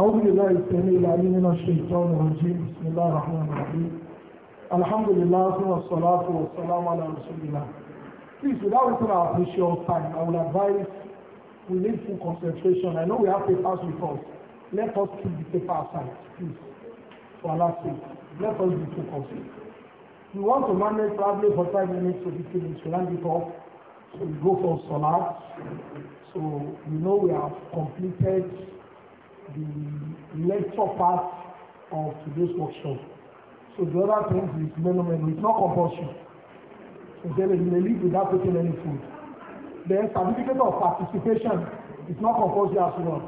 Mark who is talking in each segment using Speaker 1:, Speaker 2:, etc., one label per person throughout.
Speaker 1: أعوذ بالله السميع العليم من الشيطان الرجيم بسم الله الرحمن الرحيم الحمد لله ثم الصلاة والسلام على رسول الله Please, without wasting our precious time, I would advise we need full concentration. I know we have papers with us. Let us keep the paper aside, please, for Allah's sake. Let us be full concentrated. We want to manage probably for five minutes to be finished We land it off. So we go for Salah. So we know we have completed the lecture part of today's workshop. So the other thing is menu menu. It's not compulsory. So they may leave without taking any food. Then certificate of participation is not compulsory as well.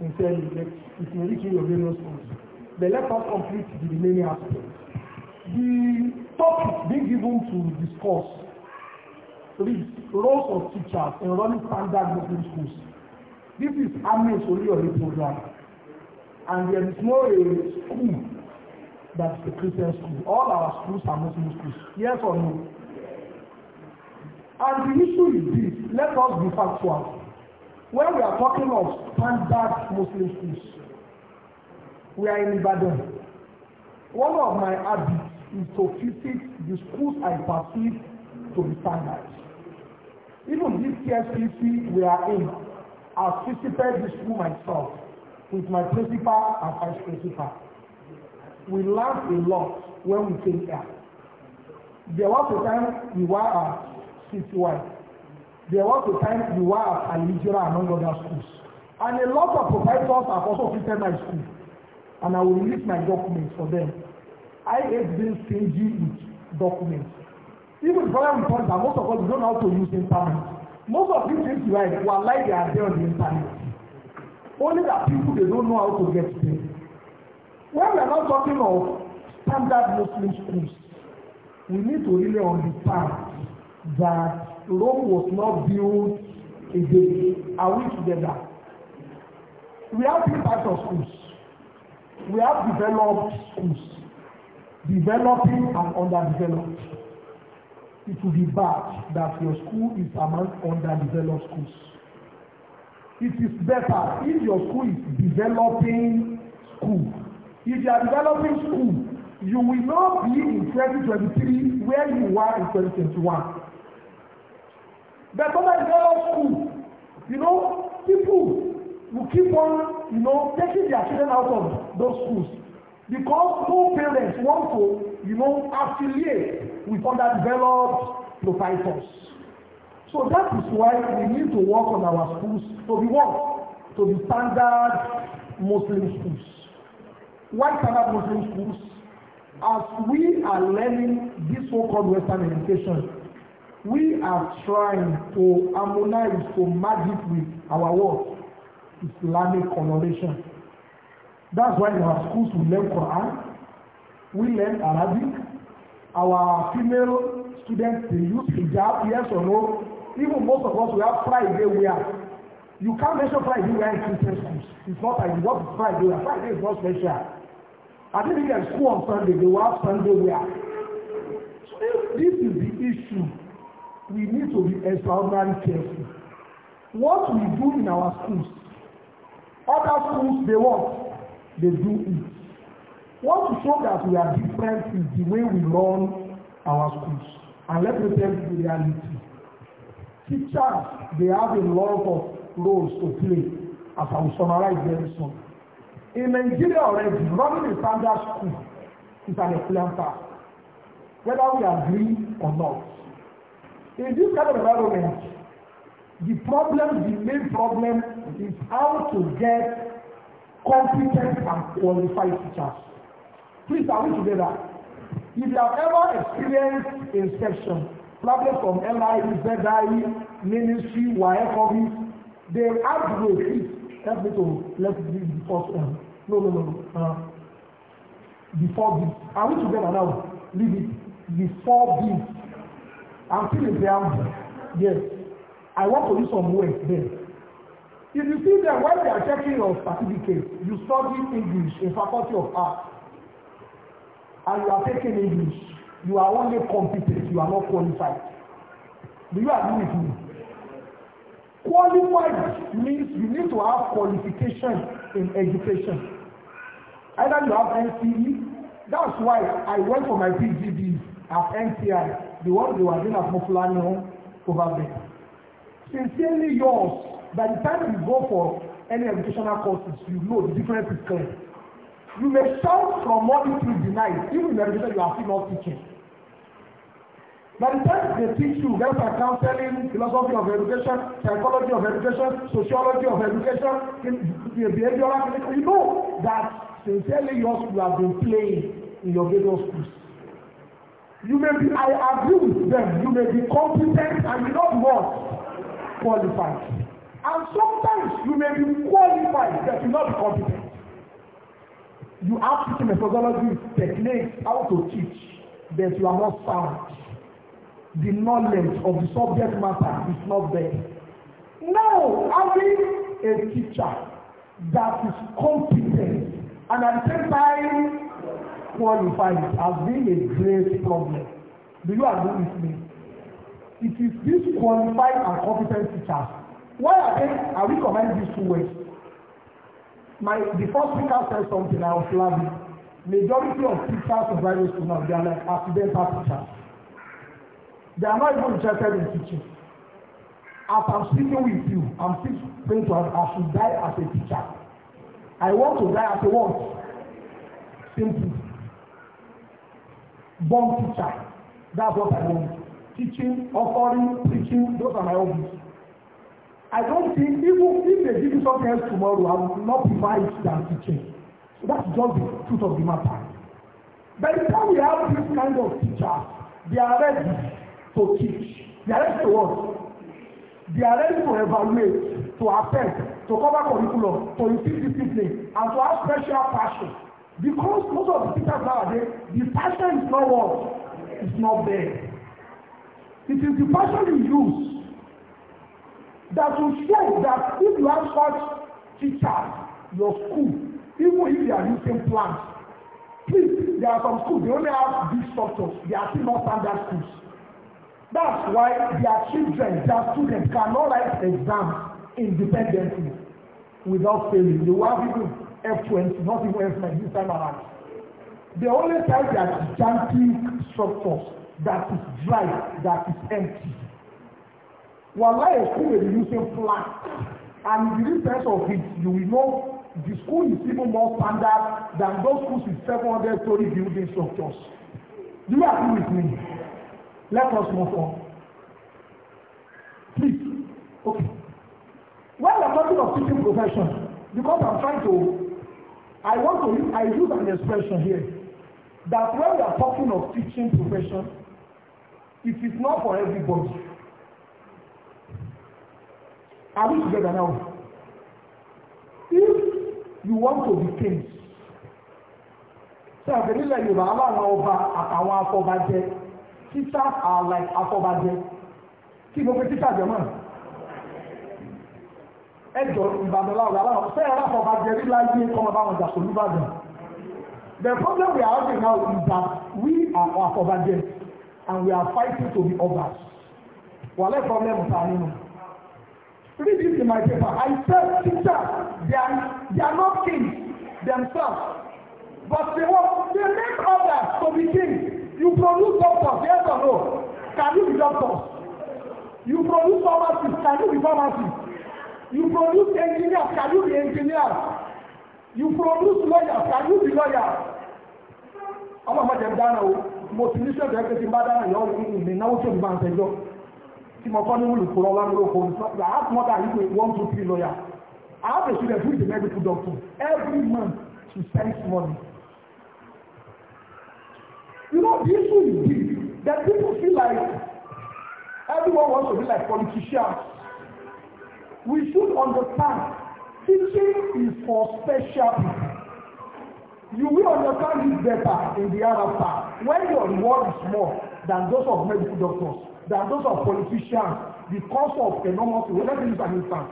Speaker 1: Sincerely, it may reach your various schools. Then let us complete the remaining aspects. The topic being given to discuss is roles of teachers running standard Muslim schools. This is Ame's Oluyori program. And there is no a school is a Christian school. All our schools are Muslim schools. Yes or no? And the issue is this. Let us be factual. When we are talking of standard Muslim schools, we are in Ibadan. One of my habits is to visit the schools I perceive to be standards. Even this TSPC we are in, I've visited the school myself with my principal and vice principal. We learned a lot when we came here. There was a time we were at CTY. There was a time we were at Alijira among other schools. And a lot of professors have also visited my school. And I will release my documents for them. I hate being stingy with documents. Even the problem is most of us don't know how to use internet most of these things right were like they are there on the internet only that people they don't know how to get there when we are not talking of standard Muslim schools we need to really understand that Rome was not built a day are we together we have three types of schools we have developed schools developing and underdeveloped it will be bad that your school is among underdeveloped schools. It is better if your school is developing school. If you are developing school, you will not be in 2023 where you were in 2021. But when I develop school, you know, people will keep on, you know, taking their children out of those schools because no parents want to you know, affiliate with underdeveloped providers. So that is why we need to work on our schools to be what? To be standard Muslim schools. Why standard Muslim schools? As we are learning this so-called Western education, we are trying to harmonize, to magic with our world, Islamic coloration. That's why our schools we learn Quran, we learn Arabic. Our female students, they use hijab, yes or no. Even most of us, we have Friday wear. You can't mention Friday wear in Christian schools. It's not like what is Friday wear. Friday is not special. I didn't get school on Sunday. They will Sunday wear. So if this is the issue, we need to be extraordinarily careful. What we do in our schools, other schools, they want, they do it want to show that we are different in the way we run our schools and let me tell you the reality teachers they have a lot of roles to play as i will summarize very soon in nigeria already running a standard school is an excellent task whether we agree or not in this kind of environment the problem the main problem is how to get competent and qualified teachers Please, are we together? If you have ever experienced inspection, problem from LIE, ZIE, ministry, YF office, they upgrade it. Help me to let this be first one. Uh, no, no, no. Uh, before this. Are we together now? Leave it. Before this. I'm still in preamble. Yes. I want to do some work there. If you see them when they are checking your certificate, you study English in Faculty of Arts and you are taking English, you are only competent, you are not qualified. Do you agree with me? Qualified means you need to have qualification in education. Either you have NCE, that's why I went for my PGD at NCI, the one they were doing at Mofulani over there. Sincerely yours, by the time you go for any educational courses, you know the difference is clear. You may shout from morning till the night, even the if you are still not teaching. By the time they teach you health and counseling, philosophy of education, psychology of education, sociology of education, behavioral clinical, you know that sincerely your school has been playing in your various schools. You may be, I agree with them, you may be competent and you not what? Qualified. And sometimes you may be qualified but you not be competent. You have teaching methodology, techniques, how to teach, but you are not sound. The knowledge of the subject matter is not there. Now, having a teacher that is competent and at the same time qualified has been a great problem. Do you agree with me? It is this qualified and competent teachers. Why are they, are we combining these two ways? my the first speaker said something I was laughing majority of teachers of primary school now they are like accidental teachers they are not even interested in teaching as I'm speaking with you I'm still praying to I should die as a teacher I want to die as a what simple born teacher that's what I want teaching offering preaching those are my hobbies I don't think even if they give you something else tomorrow, I will not provide that teaching. So that's just the truth of the matter. By the time we have this kind of teachers, they are ready to teach. They are ready to what? They are ready to evaluate, to attend, to cover curriculum, to receive discipline, and to have special passion. Because most of the teachers nowadays, the passion is not what? It's not there. It is the passion you use that will show that if you have such teachers, your school, even if they are using plants, please, there are some schools, they only have these structures. They are still not standard schools. That's why their children, their students cannot write exam independently without failing. They will have even F20, not even F9 this time around. They only type their gigantic structures that is dry, that is empty. Wallah a school will be using flags. And in the sense of it, you will know the school is even more standard than those schools with 700 story building structures. Do you agree with me? Let us move on. Please. Okay. When we are talking of teaching profession, because I am trying to, I want to, I use an expression here that when we are talking of teaching profession, it is not for everybody. Are we together now? If you want to be kings, ṣé àgbẹ̀ nílẹ̀ Yorùbá aláwọn ọba àtàwọn afọbajẹ teachers are like afọbajẹ kí gbogbo teachers jẹ mọ́ ẹjọ Ìbàdàn láwùjọ aláwọ̀ ṣé ẹ̀rọ afọbajẹ rí láyé kọ́mọ báwọn jà sólú bàdàn. The problem we are having now is that we are afọbajẹ and we are fighting to be others. Wàlẹ́ problem ta nínú. Read this in my paper. I said, teachers, they are, they are not kings themselves. But they want, they make others to be kings. You produce doctors, yes or no? Can you be doctor? You produce pharmacist, can you be pharmacist? You produce engineer, can you be engineer? You produce lawyer, can you be lawyer? Ọmọ ọmọ jẹ dáná o, mo ti ní sẹ́dọ̀ ẹgbẹ́ ti bá dáná yọ̀ ọ́ mi náwó tó ń bá ń tẹ́jọ́ tí mo kọ́ ní wùlù kúrò lánàá kò ní sọ́kùnrin I have more than equal one two three lawyer I have a student who is a medical doctor every month she sends money you know the issue is this that people feel like everyone wants to be like politicians we should understand teaching is for special people you will understand this better in the other part when your reward is more than those of medical doctors than those of politicians because of enormous well let me use an instance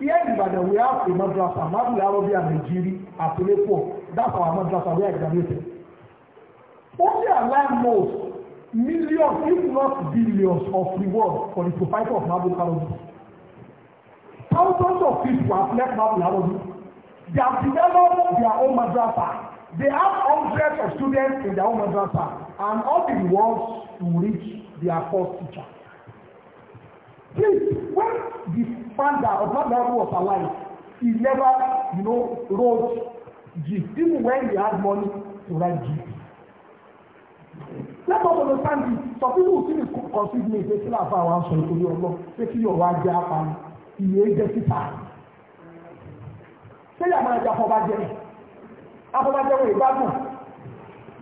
Speaker 1: here in Ibadan we have a madrasa madu arabi and Nigeria at Lepo that's our madrasa we are graduated only Allah knows millions if not billions of reward for the provider of madu arabi thousands of people have left madu arabi they have developed their own madrasa they have hundreds of students in their own madrasa and all the rewards to reach their first teacher. Please, when the founder of that Madagascar was alive, he never, you know, wrote Jeep, even when he had money to write Jeep. Let us understand this. Some people who still conceive me, they still have our answer to your law. They feel your right there and he is Say I'm going to I'm Afọbajẹ. Afọbajẹ will be bad man.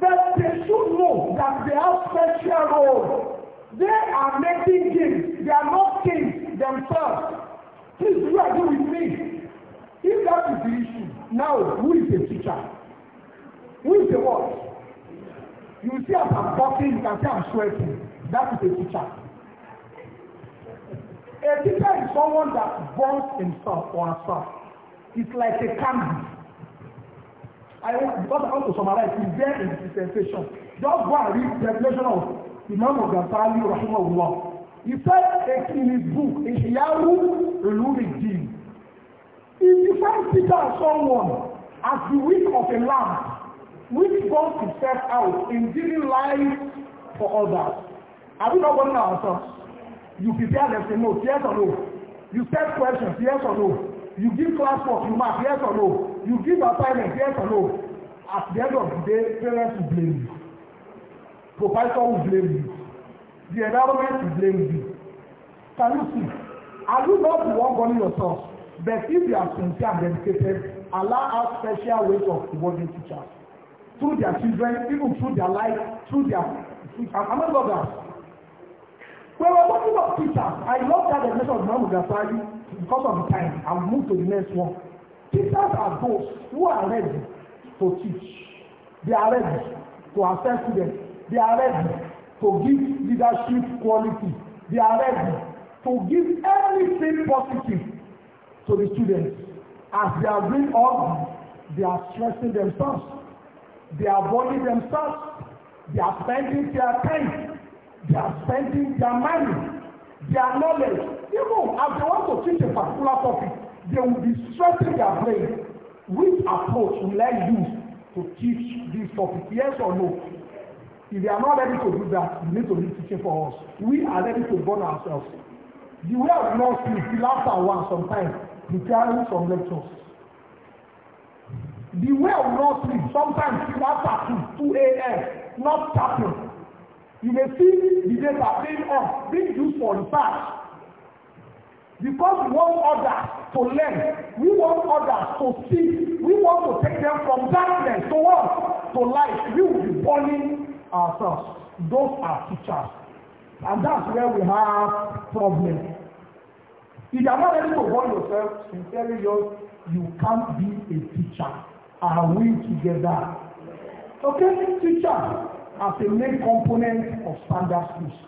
Speaker 1: But they should know that they have special roles. They are making games. They are not kings themselves. Please do agree with me. If that is the issue, now who is the teacher? Who is the what? You see as I'm talking, you can see I'm sweating. That is a teacher. A teacher is someone that burns himself or herself. It's like a candle. I because I want to summarize, it's there in the dispensation. Just go and read the definition of Imam Ghazali rahimahullah. He said in his book, Ihyaru Ulumuddin. He defines Peter as someone as the wick of a lamp which burns itself out in giving life for others. Are we not burning ourselves? You prepare them, say no, yes or no. You set questions, yes or no. You give classwork, you mark, yes or no. You give assignments, yes or no. At the end of the day, parents will blame you. Professor will blame you. The environment will blame you. Can you see? Are you not the one yourself? But if you are sincere and dedicated, allow has special ways of rewarding teachers. Through their children, even through their life, through their... Among others. When we're talking about teachers, I love that definition of Imam Ghazali because of the time. I'll move to the next one. Teachers are those who are ready to teach. They are ready to assess students. They are ready to give leadership quality. They are ready to give everything positive to the students. As they are doing all they are stressing themselves. They are burning themselves. They are spending their time. They are spending their money, their knowledge. Even as they want to teach a particular topic, they will be stressing their brain. Which approach will I use to teach this topic? Yes or no? If they are not ready to do that, we need to be teaching for us. We are ready to burn ourselves. The way of law is the last one sometimes, preparing some lectures. The way of law sleep sometimes is after 2, two a.m., not tapping. You may see the data being on, being used for research. Because we want others to learn, we want others to see, we want to take them from darkness to what? To light. We will be burning ourselves. Those are teachers. And that's where we have problems. If you are not able to hold yourself, sincerely yours, you can't be a teacher. Are we together? Okay, teacher as a main component of standard schools.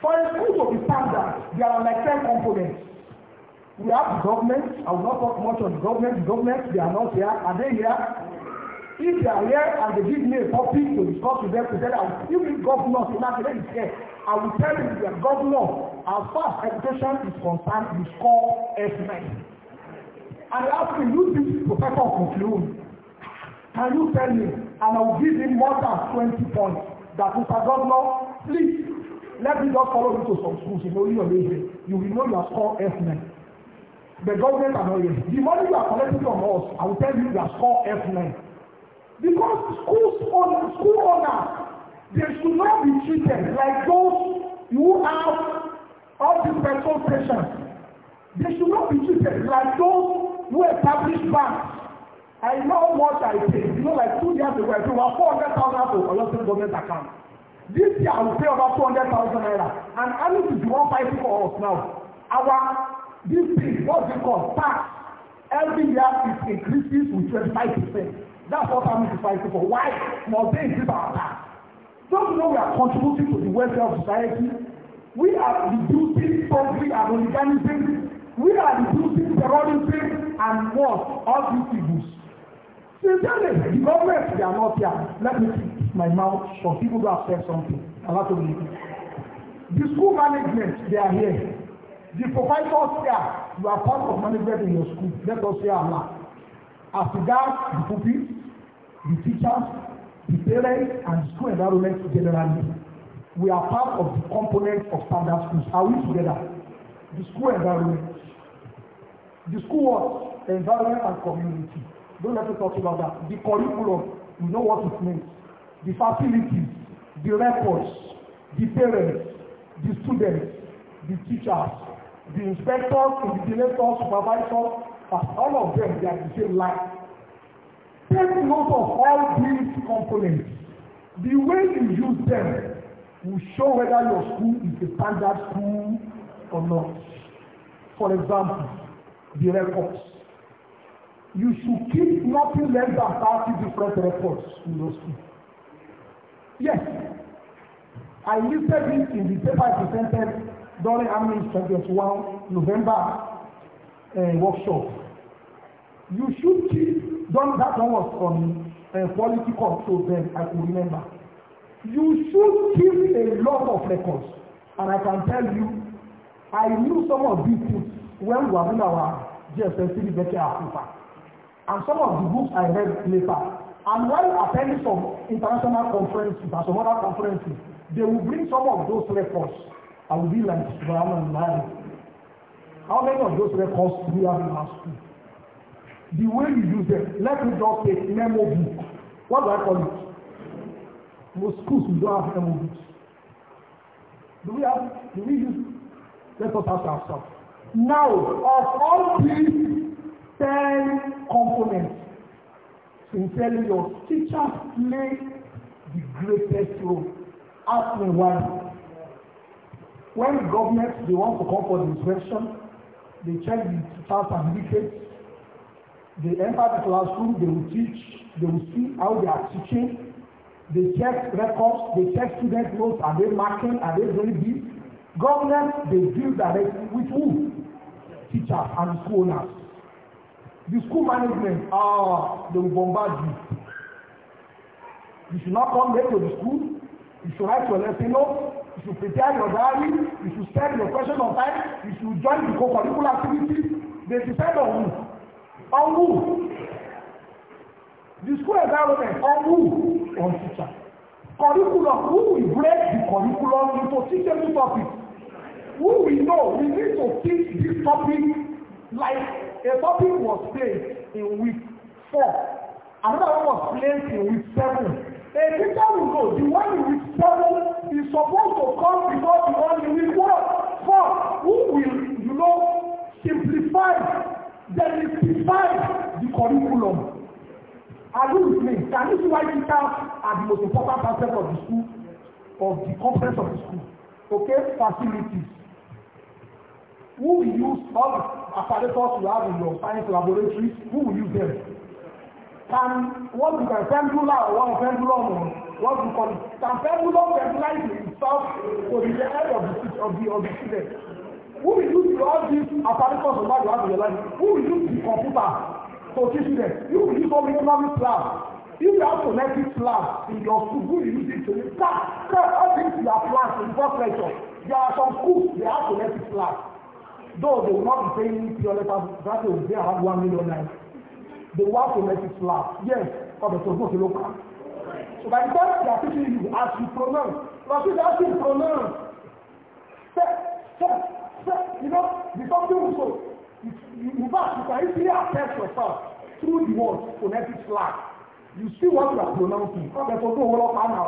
Speaker 1: For a school to be standard, there are like 10 components. We have the government. I will not talk much on the government. The government, they are not here. Are they here? if they are here and they give me a topic to discuss with them together, if the governor Sinakere is here, I will tell you that governor, as far as education is concerned, you score f men. And I ask me, you this professor of conclude. Can you tell me? And I will give him more than twenty points. That Mr. Governor, please, let me just follow you to some schools in Oriyo Leje. You will know you have scored F9. The government are not here. The money you are collecting from us, I will tell you you have scored F9. Because schools on, school owners, they should not be treated like those who have all these petrol stations. They should not be treated like those who establish banks. I know what I pay. You know, like two years ago, I paid about 400,000 for Olympic government account. This year, I will pay about thousand naira. And Annie is the one fighting for us now. Our, this thing, what's it called? Tax. Every year, it increases with 25 percent. That's what family is fighting for. Why must they increase our time. Don't you know we are contributing to the welfare of society? We are reducing poverty and oligarchy. We are reducing terrorism and war, all these evils. Sincerely, the government, they are not here. Let me keep my mouth for people who have said something. A lot of people. The school management, they are here. The professors here, you are part of management in your school. Let us hear Allah. As regards the pupils, the teachers, the parents, and the school environment generally. We are part of the component of standard schools. Are we together? The school environment. The school what? Environment and community. Don't let me talk about that. The curriculum, you know what it means. The facilities, the records, the parents, the students, the teachers, the inspectors, the directors, supervisors, all of them, they are the same line. Take note of all these components. The way you use them will show whether your school is a standard school or not. For example, the records. You should keep nothing less than thirty different records in your school. Yes, I listed it in the paper I presented during Army Instructors one November uh, workshop. You should keep Don, that one was on uh, quality control then, I can remember. You should keep a lot of records. And I can tell you, I knew some of these things when we were in our GSSC Liberty Africa. And some of the books I read later. And while attending some international conferences and some other conferences, they will bring some of those records. I will be like, Subhanallah. How many of those records do we have in our school? the way you use them let me just say memo book what do i call it most schools we don't have memo books do we have do we use let us ask ourselves now of all these ten components sincerely your teachers play the greatest role ask me why when government dey want to come for the inspection they check the teachers certificate They enter the classroom, they will teach, they will see how they are teaching, they check records, they check student notes, are they marking, are they doing this? Government, they deal directly with who? Teachers and school owners. The school management, ah, they will bombard you. You should not come late to the school. You should write your lesson notes. You should prepare your diary. You should send your question on time. You should join the co-curricular activities. They depend on you on who? The school environment on who? On teacher. Curriculum, who will break the curriculum into teachable topics? Who we know, we need to teach this topic like a topic was placed in week four. Another one was placed in week seven. A teacher will know the one in week seven is supposed to come before the one in week one. Four, who will, you know, simplify demystify the curriculum. Are you with me? That is why teachers are the most important aspect of the school, of the conference of the school. Okay? Facilities. Who will use all the apparatus you have in your science laboratories? Who will use them? Can what you can pendula or one pendulum or what you call it? Can pendulum pendulum itself for the head of the of the of the student? Who will use all these apparatus of life you have in your life? Who will use the computer to teach them? You will use all economic plans. If you have to it plans in your school, who will use it to use that? All things in your plans in your lecture. There are some schools, they have to it plans. Though they will not be paying three hundred thousand, that they will pay around one million naira. They to have it plans. Yes, but the source is local. So by the time they are teaching you, as you pronounce, but if you ask to pronounce, step, step, So, you know, the something will show. In fact, you can easily attest yourself through the words phonetic flag. You see what you are pronouncing. Come let go all up now.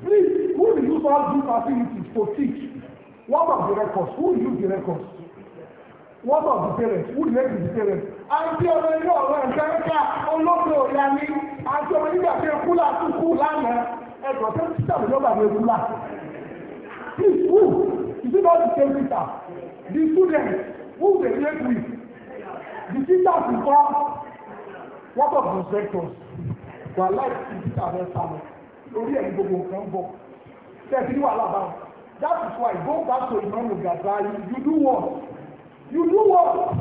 Speaker 1: Please, who do you all these facilities to teach? What of the records? Who use the records? What of the parents? Who make the parents? Àti ọmọ ilé ọ̀rọ̀ ìjẹ́ríkà olóògbé òyà ni àti ọmọ nígbà tí ekú là kú lánàá. Ẹ̀gbọ́n tó ti sàbẹ̀lọ́gbà ní ekú Please, who? Is it not the same teacher? The students who they relate with, the teachers become what of the instructors. Wà láì sí títà rẹ̀ sálọ. Orí ẹ̀yìn gbogbo nǹkan book. Tẹ̀sí wàhálà báwọn. That is why go back to Imam Ghazali. You do what? You do what?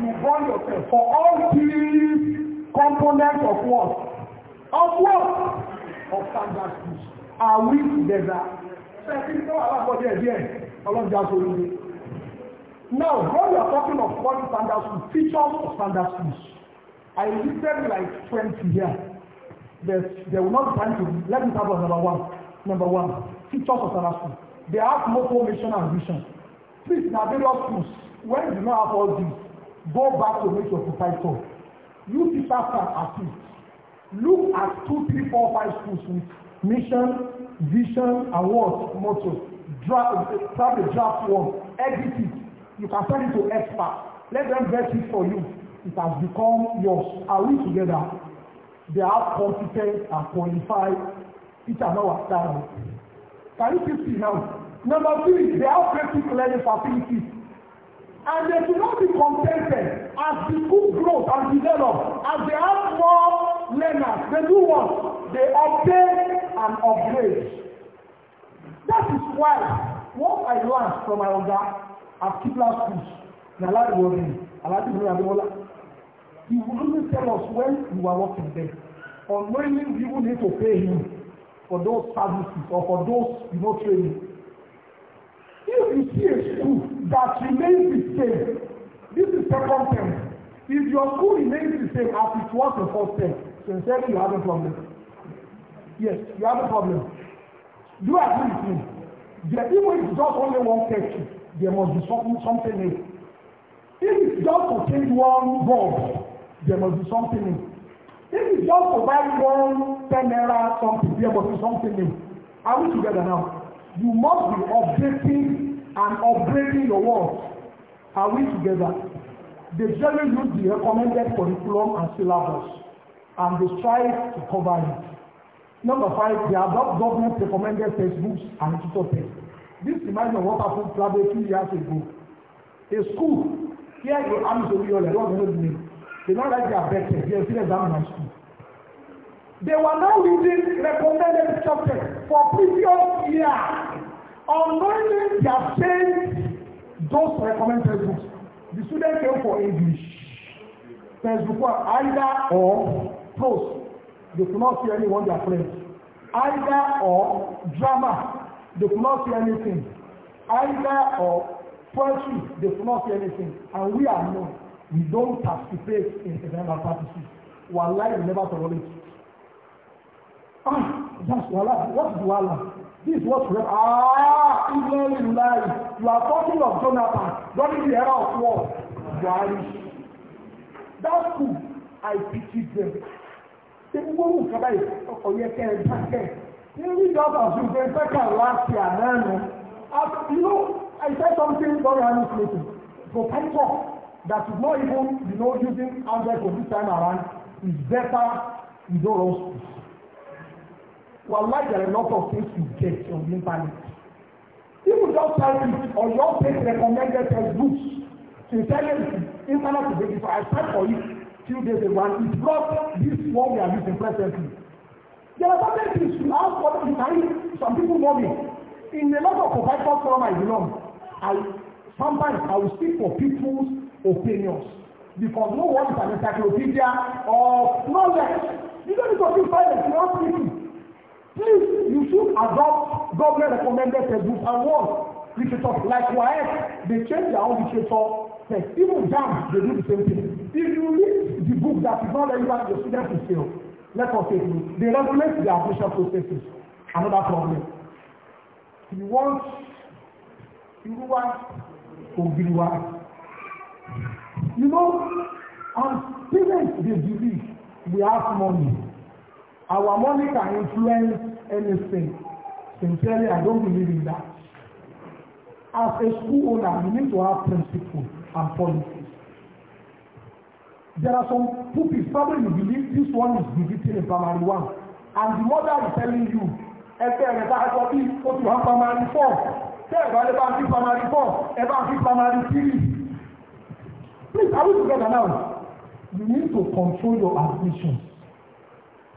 Speaker 1: You burn yourself for all these components of what? Of what? Of standard speech. Are we together? Now, when you are talking of quality standard schools, teachers of standard schools, I listed like 20 here. There's, there will not be time to, let me start with number one. Number one, teachers of standard schools. They have no formation and vision. Please, now various schools, when you know have all this, go back to make your proprietor. You teachers can assist. Look at two, three, four, five schools with mission vision award motto draft grab a draft one edit it you can send it to expert. let them vet it for you it has become yours are we together they are competent and qualified each and our time can you please see now number three they have basic learning facilities and they should not be contented as the group grows and develops as they have more learners, the new ones, they obtain and upgrade. That is why what I learned from my oga at Kibla School, Nalari Wori, Alati Wori Ademola, he will only tell us when we are working there, or when we will need to pay him for those services or for those you know training. If you see a school that remains the same, this is second term. If your school remains the same as it was the first term, Sincerely, you have a problem. Yes, you have a problem. Do you agree with me? That even if it's just only one question. there must be something, something in it. If it's just to change one bulb, there must be something in it. If it's just to buy one ten naira something, there must be something in it. Are we together now? You must be updating and upgrading your world. Are we together? They generally use the recommended curriculum and syllabus and they strive to cover it. Number five, they adopt government recommended textbooks and tutor texts. This reminds me of what happened probably two years ago. A school, here in Amisoriole, what was the name? They don't like their best text, they still examine my school. They were now using recommended chapters for previous year, unknowingly they have changed those recommended books. The student came for English, textbook one, either or Pros, they could not see anyone their friends. Either or drama, they could not see anything. Either or poetry, they could not see anything. And we are known. We don't participate in eventful practices. Wallahi, we never tolerate it. Ah, that's Wallah. What is Wallah? This is what we Ah, Israel in life. You are talking of Jonathan during the era of war. Why? That's who I pity them ṣe ń gbóhùn kaba yìí ọkọ̀ yẹ kẹ́ ẹ dákẹ́ níbi ìjọba òṣùpẹ̀ pẹ́kà láti àná nù you know I said something very honestly for pastor that is not even you know using hundred for this time around is better you don't run school wallahi there are a of things you get on the internet even just type it or your page recommended textbooks to sincerely internet is very I stand for you few days ago and it brought this one we are using presently. There are certain things you ask for you carry some people know me. In a lot of professional forum I belong, I sometimes I will speak for people's opinions because no one is an encyclopedia of knowledge. You don't need to be silent, you are speaking. Please, you should adopt government recommended textbooks and work literature. Likewise, they change their own literature But even jam, they do the same thing. If you read the book that is not relevant to your students to fail, let us say they regulate their admission processes. Another problem. You want you want, or you want? You know, as parents dey believe we have money. Our money can influence anything. Sincerely, I don't believe in that. As a school owner, you need to have principles and policies. There are some people probably you believe this one is visiting a primary one and the mother is telling you ẹgbẹ́ rẹ̀ bá sọ bí o ti wá primary four tẹ́ ẹ̀rọ ẹ bá ń fi primary four ẹ bá ń fi primary three. Please are we together now? You need to control your ambition.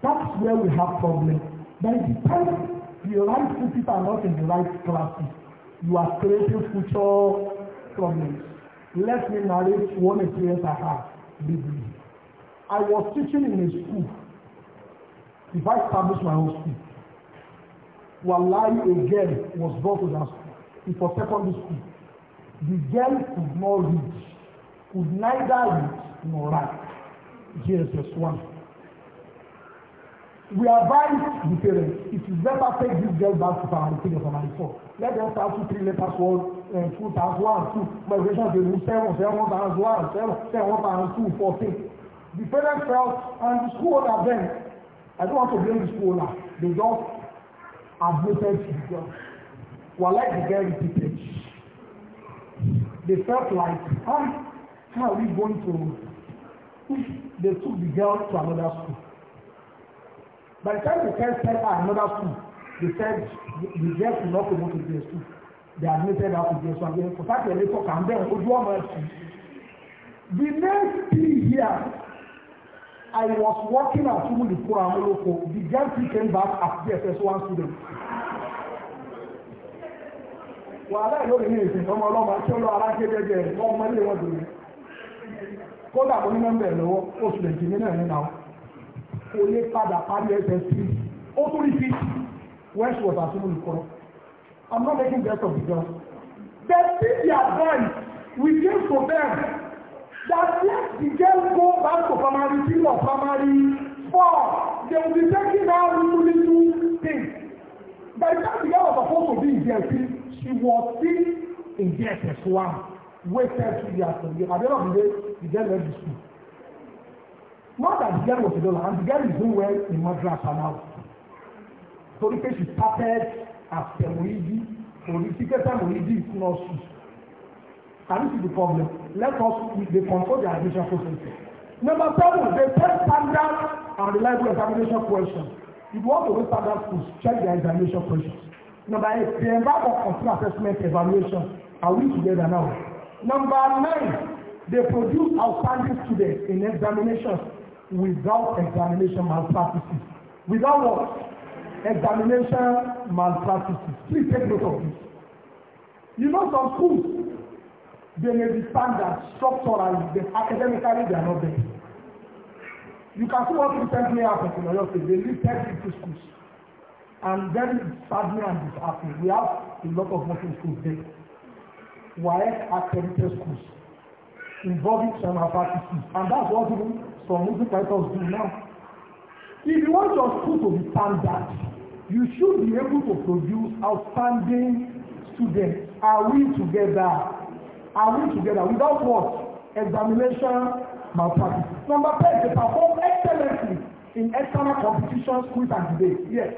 Speaker 1: That's where we have problem. By the time the right people are not in the right classes, you are creating future problems let me narrate one experience I had briefly. I was teaching in a school. If I establish my own school, Wallahi a girl was brought to that school. It was secondary school. The girl could not read, could neither read nor write. GSS one we advise the parents it is better take this girl back to primary three or primary four let them start two three letters one uh, two times one two migration dey move seven seven times one seven seven times two fourteen the parents felt and the school owner then i don't want to blame the school owner they just admitted to the girl wala the girl repeated they felt like how, ah, how are we going to if they took the girl to another school By the time the first step at another school, the said the girls will not be to go to school. They admitted out to go to school. And for that, they later can then go to one The next thing here, I was working at Sumulipo and Oloko. The girl came back as DSS1 student. wàhálà lórí ní ìsìn ọmọ ọlọ́mọ tí ó lọ alájẹ́jẹ́jẹ́ ọmọ ilé wọn dòwe kódà mo ní mẹ́mbẹ̀ẹ́ lọ́wọ́ oṣù lè jì mí náà nínú àwọn kò lè padà parí ss3 ó tún rí fífi when she was assuming the i'm not making best of the job they see the advice we give to them that let the girl go back to primary three or primary four they will be taking out little little things by the time the girl was supposed to be in js3 she was still in jss1 waited two years be the end of the day the girl left the school. Not that the girl was a dollar, and the girl is doing well in Madrasa now. Torí pé she started as Tẹ̀wéyí, political Tẹ̀wéyí is not she. And this is the problem. Let us, they control the admission process. Number seven, the test standard and reliable examination questions. If you want to waste standard schools, check their examination questions. Number eight, the environment control assessment evaluation. Are we together now? Number nine, they produce outstanding students in examinations without examination malpractices. Without what? Examination malpractices. Please take note of this. You know some schools, they may be standard, structurally, but academically they are not there. You can see what recently happened in Oyo State. They listed 50 schools. And then sadly and disheartening, we have a lot of Muslim schools there. Why accredited schools? involving Shema practices. And that's what even some Muslim writers do now. If you want your school to be standard, you should be able to produce outstanding students. Are we together? Are we together? Without what? Examination, malpractice. Number 10, they perform excellently in external competitions, quiz and debates. Yes.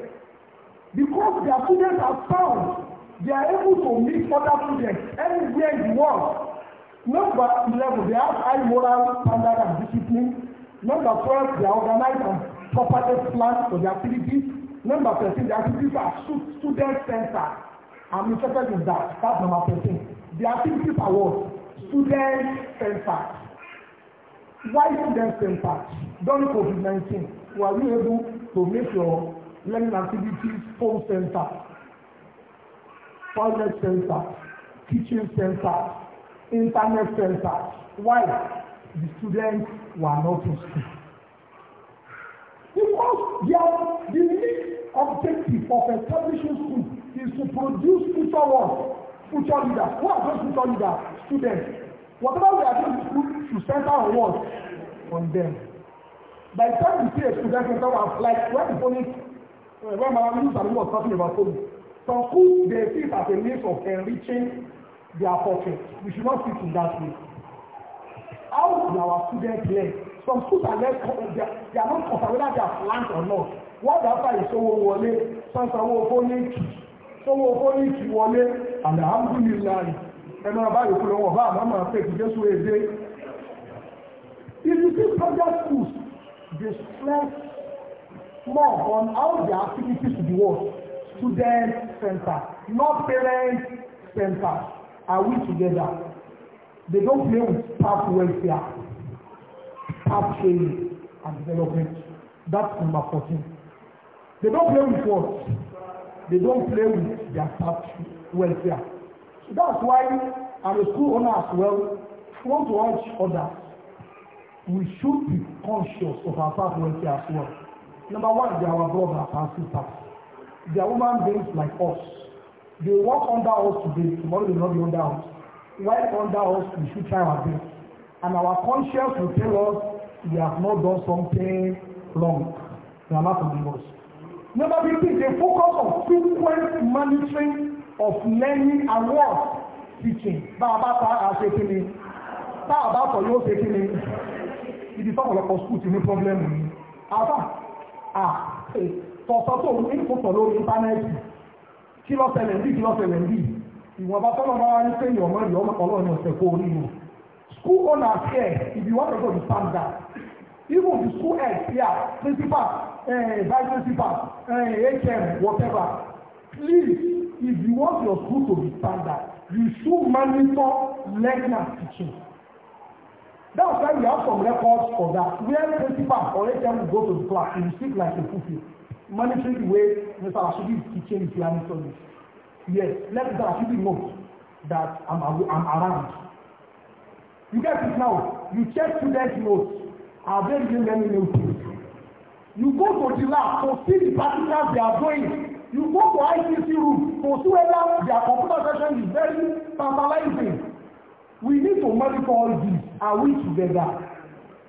Speaker 1: Because their students are sound, they are able to meet other students anywhere in the world Number 11, they have high moral standard and discipline. Number 12, they are organized and proper planned for their activities. Number 13, the activities are student center. I'm interested in that. That's number 13. The activities are what? student center. Why student center? During COVID-19, were you able to make your learning activities phone center, toilet center, teaching center? internet center why the students were not in school. Because their the main objective of establishing school is to produce future ones, future leaders. Who are those future leaders? Students. Whatever we are doing in school should center on what? On them. By the time you see a student center was like when the police when my mom was talking about police, some schools they see it as a means of enriching They are pocket. We should not sit in that way. How do our students learn? Some schools are less, they are, they are not concerned whether they are land or not. What after is owó wọlé, sansanwó fóníkì, sówó fóníkì wọlé, and alhamdulilayi. Ẹnu ọba yòókù lọ́wọ́ ọba àmọ́ máa pè kí Jésù èdè. If you see private schools, they stress more on how their activities to be worked. Student center, not parent center. Are we together? They don't play with staff welfare, staff training and development. That's number 14. They don't play with what? They don't play with their staff welfare. So that's why as a school owner as well, we want to urge others. We should be conscious of our staff welfare as well. Number one, they are our brothers and sisters. They are human beings like us. They work under us today, tomorrow they will not be under us. While under us, we should try our best. And our conscience will tell us we have not done something wrong. They are not forgive us. Number fifteen, the focus on frequent monitoring of learning and what teaching. Bá a bá ta àṣẹ kí ni? Bá a bá sọ yóò ṣe kí ni? Ibi sọ́kọ̀lọpọ̀ skul no problem. pọ́blẹ́mù ni. Àbá, à, eh, tọ̀sọ̀ tó ń fòtọ̀ lórí íńtánẹ́ẹ̀tì kí ló ṣẹlẹ̀ ní kí ló ṣẹlẹ̀ ní ìwọ̀nba tọ́lọ́ bá wá ní pé ìyọ̀mọ́ ìyọ̀mọ́ ọlọ́run ọ̀sẹ̀ kó orí mu school owners here if you want to go to standard even the school head here principal eh, vice principal eh, hm whatever please if you want your school to be standard you should monitor learning teaching that's why we have some records for that where principal or hm go to the class he will like a fool monitoring the way Mr. Ashidi is teaching Islamic studies. Yes, let Mr. Ashidi know that I'm, I'm around. You get it now. You check students' notes. Are they doing any new things? You go to the lab to see the particles they are doing. You go to ICC room to see whether their computer session is very tantalizing. We need to monitor all these. Are we together?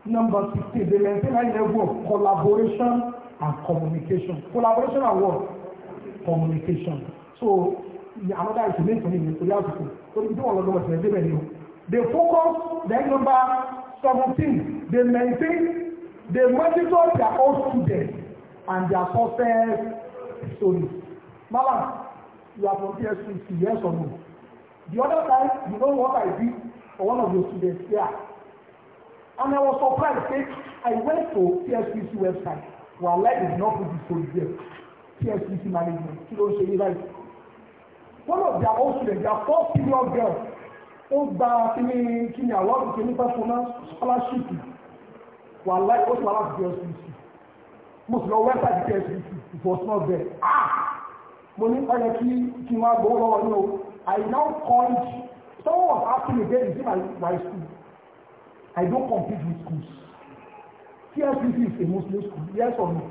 Speaker 1: Number 16, they maintain high level of collaboration and communication collaboration and work. communication so another is main thing in korea people so if you don wan learn about nigeria you dey focus then number seventeen dey maintain dey monitor their own students and their success stories malam you are from psc yes or no the other time you know what i did for one of your students there yeah. and i was surprised say i went to psc website wàhálà is not good for them pscc management kí ló ń ṣe yí láì. one of their own students their four senior girls ó gba kíní kíní àwọn kíní performance scholarship wàhálà ó sì wà láti pscc mo sì lọ wẹ́ẹ̀sì àti pscc For was not there ah mo ní ọyọ kí kí wọn gbowó lọ́wọ́ ní o i now called someone was asking me there is it my my school i don compete with schools. TSPC is a Muslim school, yes or no?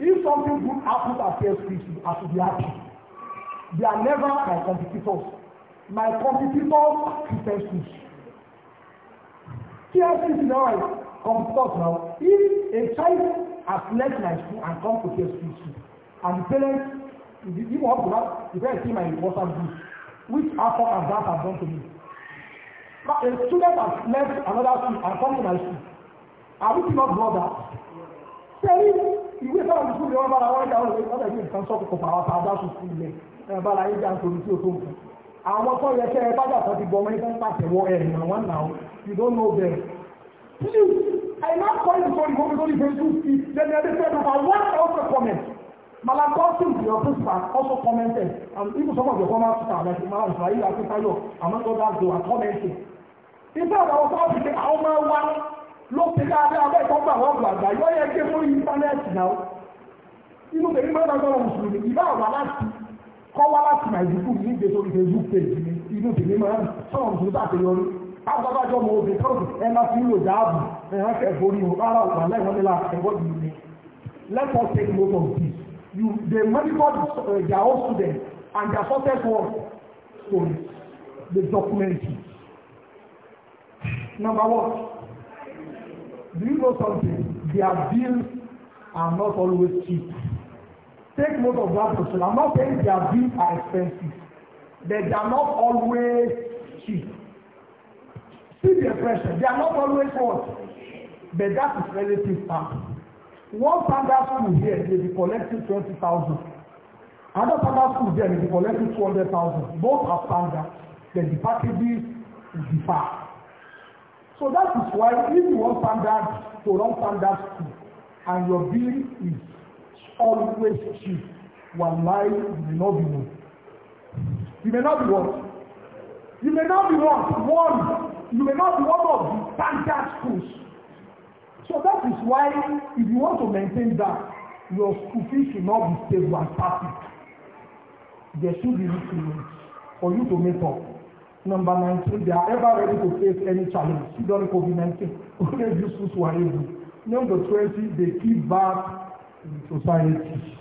Speaker 1: If something good happens at TSPC, I should be happy. They are never my competitors. My competitors are Christian schools. TSPC now is competitors now. If a child has left my school and come to TSPC, and the parents, if you want to have, the parents see my WhatsApp group, which effort and that have done to me. But a student has left another school and come to my school. Are we not brothers? Sẹ́yìn ìwé sábà ní sùkúlù wọn bára wọn jà wọn lọ́dọ̀ yìí nǹkan sọ́kù kọ̀ fún àwọn àdá sùkúlù ilẹ̀ ẹ̀ bára yìí jà nítorí tí o tó ń fún. Àwọn tó yẹ kẹ́ ẹ bá jàpọ̀ ti gbọmọ yìí fún pàṣẹ wọ ẹ̀ nà wọ́n nà ó. You don't know them. Please, I now call you for the moment only Facebook feed. Then the other person has one also comment. Malakosing, your principal, also commented. And even some of your former staff, like Imam Israel, Akintayo, among others, they were commenting. In fact, I was about to ló ti dáadáa bẹ́ẹ̀ tó gbà wọ́n gbàgbà yọ yẹ kí mú íńtánẹ́ẹ̀tì náà inú tèmi mẹ́ta gbọ́dọ̀ mùsùlùmí ìbá wà láti kọ́ wá láti màìdìkú ní ìgbésọ ìgbésù péjì ní inú tèmi máa sọ̀rọ̀ mùsùlùmí bá ti yọrí agbábájọ́ ọmọ obìnrin tó ẹ máa fi ń lò dáàbò ẹ̀hán kẹfọ́rí o rárá òkú alẹ́ ìwọ́n nílá ẹ̀wọ́ yìí ni let us take note of this you dey monitor uh, their own students and their success work stories the documentary number one know something, their bills are not always cheap. Take note of that person. I'm not saying their bills are expensive. They, they are not always cheap. See the expression. They are not always what? But that is relative part. One standard school here may be collecting 20,000. Another standard school there may be collecting 200,000. Both are standard. Then the packages differ. So that is why if you want standard to run standard school and your bill is always cheap wallahi you may not be one you may not be one you may not be one one you may not be one of the standard schools so that is why if you want to maintain that your school fees should not be stable and static there should be little for you to make up Number 19, they are ever ready to face any challenge. See during COVID-19, only useful to are able. Number 20, they keep back in society.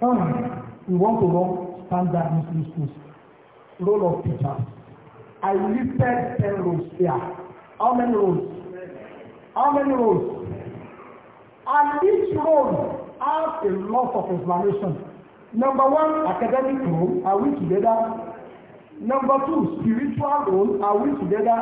Speaker 1: Um, we want to run standard Muslim schools. Role of teachers. I listed 10 roles here. How many roles? How many roles? And each role has a lot of explanation. Number one, academic role. Are we together? Number two, spiritual role, are we together?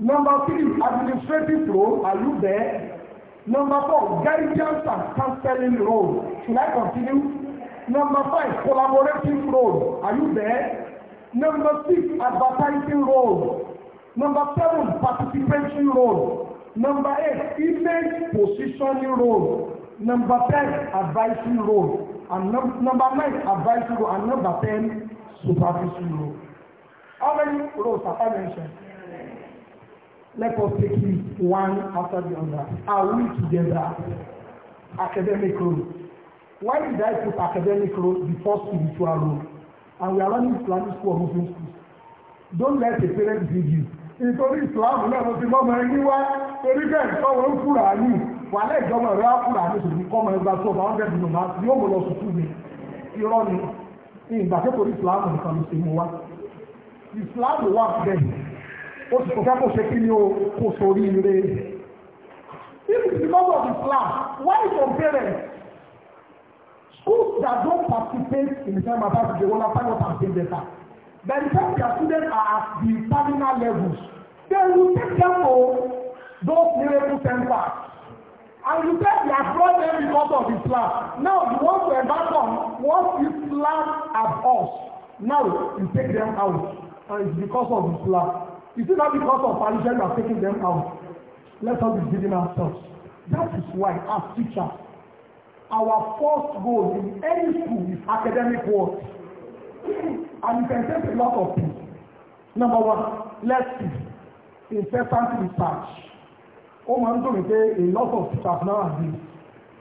Speaker 1: Number three, administrative role, are you there? Number four, guidance and counseling role. Should I continue? Number five, collaborative role. Are you there? Number six, advertising role. Number seven, participation role. Number eight, image positioning role. Number ten, advising role. And num number nine, advisory role. And number ten, supervision role. How many rows have I mentioned? Let us take it one after the other. Are we together? Academic role. Why did I put academic role before spiritual role? And we are running Islamic school or Muslim schools. Don't let the parents lead you. Nítorí Ìsìláàmù náà ló ti mọ́ ọmọ ẹni wá torí bẹ́ẹ̀ sọ́wọ́ ń fúra ní wà lẹ́jọ́mọ̀ rẹ̀ á fúra ní tòun kọ́ ọmọ ẹgbà tó ọba ọ̀gá ìdùnnú máa yóò mọ̀ lọ sùkúù mi. Irọ́ ni ìgbà tó torí Ìsìláàmù nìkan ló ṣe mú wá. Islam wà bẹ́ẹ̀ ó sì kọ́kẹ́ kó ṣe kí ni o kò sórí ire if it's because of Islam why your parents schools that don't participate in Islam about the wọ́n find out and think better by the time their students are at the terminal levels they will take them to those miracle centers and you said you have brought them because of Islam now you want to embark on what Islam have us now you take them out. And uh, it's because of Islam. Is it not because of Parisians are taking them out? Let us be giving ourselves. That is why, as teachers, our first goal in any school is academic work. And you can take a lot of things. Number one, let's see, incessant research. Ó máa ń dùn a lot of teachers now are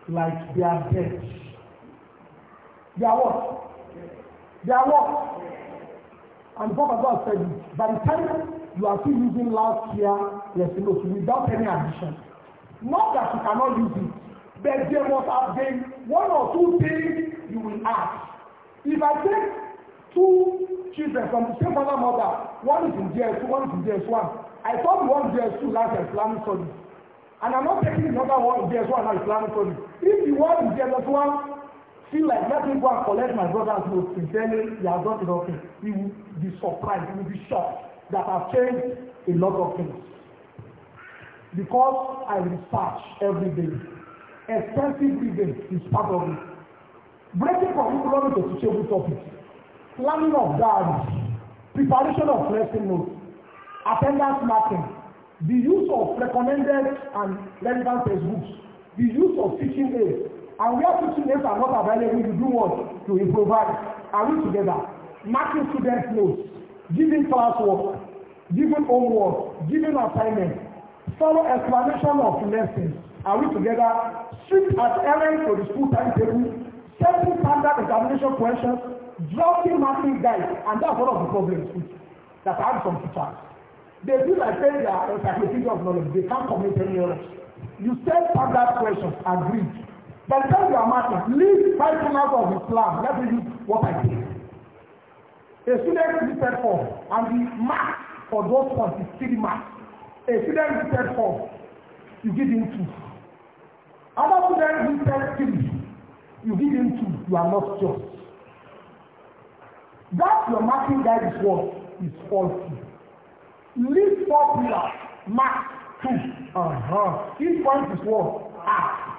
Speaker 1: like they are dead. They are what? They are what? and Bob Abba said it. By the time you are still using last year yes, no, without any addition, not that you cannot use it, but there must have been one or two things you will ask. If I take two children from the same father mother, one is in JS2, one is in JS1, I thought one JS2 last Islamic studies, and I'm not taking another one JS1 as Islamic studies. If you want in JS1 feel like let me go and collect my brother's note sincerely he has done nothing. things he will be surprised he will be shocked that have changed a lot of things because I research every day extensive reading is part of it breaking from economic to teachable topics planning of diaries preparation of lesson notes attendance marking the use of recommended and relevant textbooks the use of teaching aids And where teaching aids are not available, you do what? To improvise. Are we together? Marking students notes, giving classwork, giving homework, giving assignments, thorough explanation of lessons. Are we together? Strict adherence to the school timetable, setting standard examination questions, dropping marking guides, and that's one of the problems that I have some teachers. They feel like they are encyclopedia of knowledge. They can't commit any errors. You set standard questions, agreed. But tell your you are marching, leave five corners of Islam. Let me read what I did. A student prepared for and the mark for those forms is three marks. A student prepared for you give him two. Another student prepared three, you give him two. You are not just. That your marking guide is what is faulty. Leave four pillars, mark two. Uh-huh. Each point is what? Act. Ah.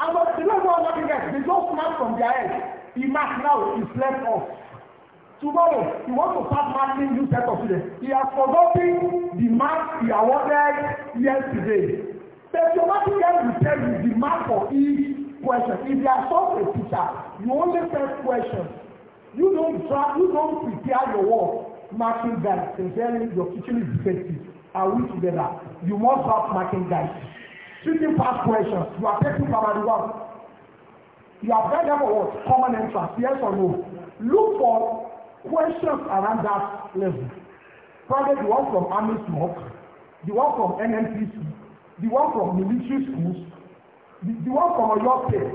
Speaker 1: And but the people who are working there, they just plan from their head. He mark now, he slept off. Tomorrow, he wants to start marking new set of students. He has forgotten the mark he awarded yesterday. The automatic end will tell you the mark for each question. If you are such a teacher, you only test questions. You don't draft, you don't prepare your work. Marking guides, Then your teaching is defective. Are we together? You must have marking guides. Shooting past questions. You are taking from the world. You have read them what? Common entrance. Yes or no? Look for questions around that level. Probably the one from army smoke, the one from NNPC, the one from military schools, the, the one from Oyo State.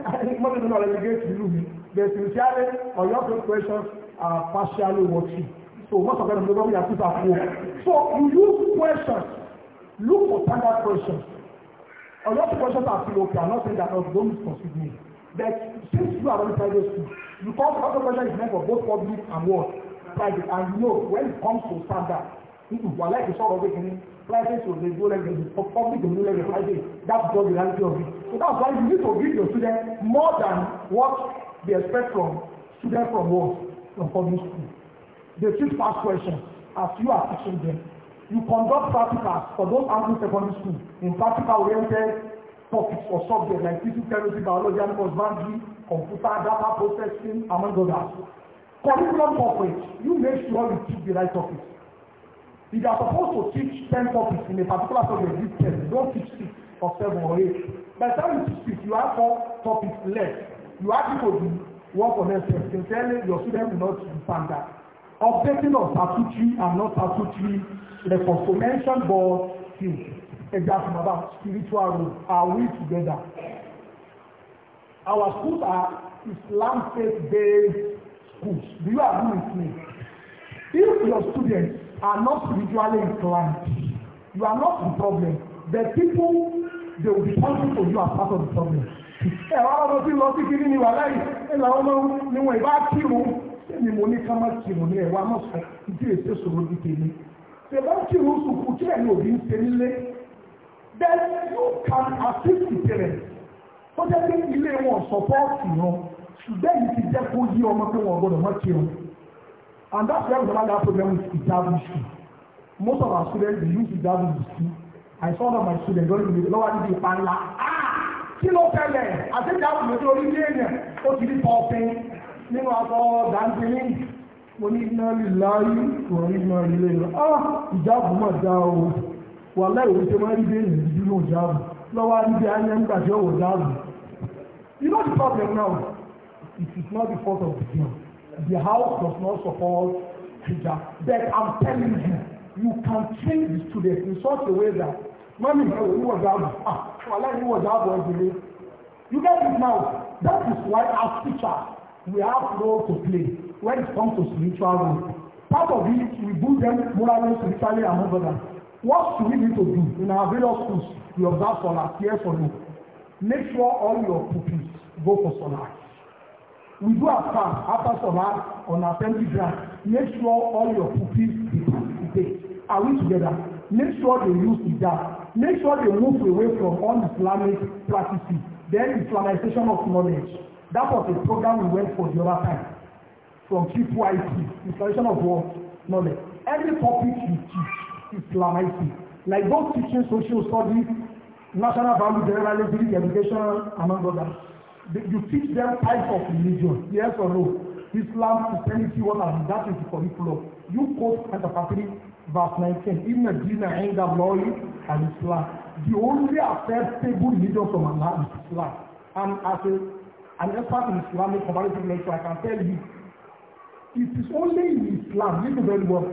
Speaker 1: I think most of them are relegated to Lumi. But sincerely, Oyo State questions are uh, partially watching. So most of them are probably at are too far So you use questions Look for standard questions. A lot of questions are still okay. I'm not saying that no, don't misconceive me. But since you are on private school, you because other question is meant for both public and what? Private. And you know, when it comes to standard, people who are like the sort of awakening. private to the low the public to the low level, private, that's the reality of it. So that's why you need to give your students more than what they expect from students from what? From public school. They should ask questions as you are teaching them you conduct practicals for those anglo secondary school in practical oriented topics or subjects like physical chemistry biology animal husbandry computer data processing among others curriculum corporate you make sure you teach the right topics if you are supposed to teach ten topics in a particular subject you teach ten you don teach six or seven or eight by the time you teach six you have four topics left you have people do work on themselves sincerely your students will not understand that updating of statutory and non-statutory records to mention God things exactly about spiritual rule are we together our schools are Islam faith-based schools do you agree with me if your students are not spiritually inclined you are not the problem the people they will be pointing to you as part of the problem ẹ wá lọ sí lọ sí kiri ni wàhálà yìí ẹ làwọn ọmọ ni wọn kírun ni mo ní kámá kírun ní ẹ̀wá má sọ ìdí èsè sọ̀rọ̀ di tèmi tèbá kírun sùkú tí ẹ̀yin òbí ń ṣe nílé then you can assist the parents ó jẹ́ pé ilé wọn sọ̀pọ́ọ̀tì wọn ṣùgbọ́n èyí ti jẹ́ kó yí ọmọ pé wọn gbọ́dọ̀ má kírun and that's why we have problem with hijab most of our students dey use hijab I saw that my students don dey lower the pan la ah kí ló tẹ̀lé àti ìjà òkùnrin tó rí ní èèyàn ó ti di pọ́ọ̀pin nínú àtọ́ dàndínlẹ́ mo ní iná líláyé wọ́n ní iná ilé rẹ̀ á ìjáàbù mà dá o wà láì wọ́n ṣe máa rí bẹ́ẹ̀ nìyí nínú ìjáàbù lọ́wọ́ níbi ayé ń gbàjẹ́ òwò ìjáàbù you know the problem now it is not the fault of the girl the house does not support hijab but i'm telling you you can change the students in such a way that mami ìfẹ́ ìwọ̀ ìjáàbù ah wà láì ìwọ̀ ìjáàbù ọ̀gbìn you get it now that is why as teacher we have role to play when it comes to spiritual growth. Part of it, we build them morally, spiritually, among others. What do we need to do in our various schools? We observe solar, yes or no. Make sure all your pupils go for solar. We do our farm after solar on assembly ground. Make sure all your pupils they participate. Are we together? Make sure they use the hijab. Make sure they move away from all Islamic practices. Then Islamization of knowledge. That was a program we went for the other time from T2IT, installation of what? Knowledge. Every topic we teach is Islamizing. Like those teaching social studies, national values, generalizing education, among others. You teach them types of religion, yes or no. Islam, Christianity, what are that is the curriculum. You quote chapter 3, verse 19. Even the dinner and the law and Islam. The only acceptable religion from Allah is Islam. And as a an expert in Islamic comparative lecture, I can tell you, it is only in Islam, listen very well,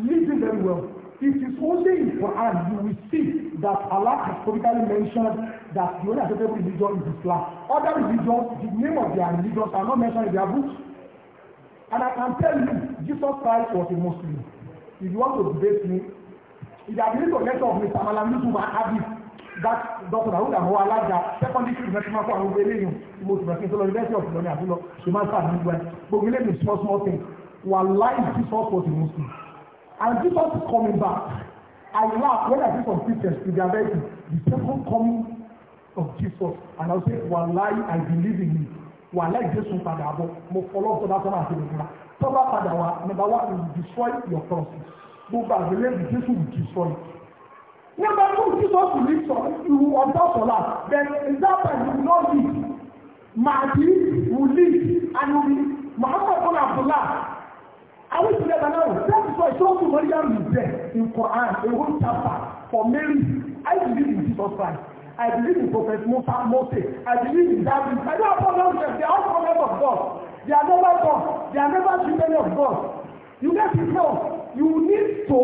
Speaker 1: listen very well, it is only in Quran you will see that Allah has publicly mentioned that the only acceptable religion is Islam. Other religions, the name of their religions are not mentioned in their books. And I can tell you, Jesus Christ was a Muslim. If you want to debate me, if you agree to lecture of Mr. Malam Yusuf and Abid, That doctor, who rahul àwọn alága secondary school mẹ́tìmá fún àwọn obìnrin yìí mo ti bẹ̀rẹ̀ kí n tó lọ university of ìlọrin àbúlọ ṣe the ń sáà nígbà gbogbo ilé mi small small thing wà láì sí sọ́ọ̀tù ọ̀tún the sí and jesus coming back i laugh when i see some christians to their bed the second coming of jesus and i say wà láì i believe in him wà láì jésù padà bọ̀ mo follow up to that one àti ìgbà tọ́ba padà wà number one will destroy your process gbogbo àgbélébù jésù will destroy it. Number two, Jesus religion, you will observe for that. Then in that time, you will not live. Mahdi will live and will be Muhammad bin Abdullah. Are we together now? That is why Surah Maryam is there in Quran, a whole chapter for Mary. I believe in Jesus Christ. I believe in Prophet Musa, Moses. I believe in David. I don't have problems with them. They are all problems of God. They are never God. They are never children of God. You get to know. You need to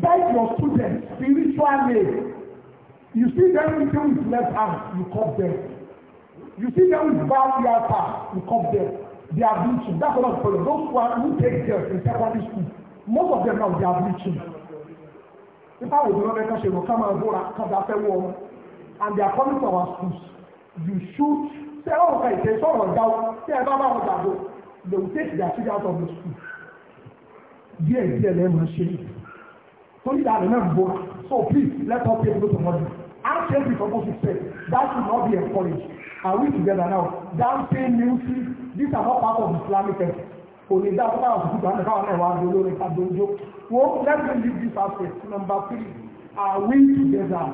Speaker 1: That's your student, spiritual name. You see them eating with left hand, you cut them. You see them with bad ear pass, you cut them. They are bleaching. That's another problem. Those who, are, who take girls in secondary school, most of them now they are bleaching. If I was in America, she will come and go because I said, well, and they are coming to our schools. You shoot. say, oh, okay, there's all of doubt. Say, I don't know what They will take their children out of the school. Díẹ̀ díẹ̀ lẹ́ẹ̀ máa ṣe torí that remember so please let us take note of money i'm saying this for most people that should not be encouraged are we together now dancing music these are not part of islamic ethics òní dá fún àwọn òṣìṣẹ́ àwọn ẹ̀ka ẹ̀wà àti olórin kàdóńjó wọ́n let me leave this aspect number three are we together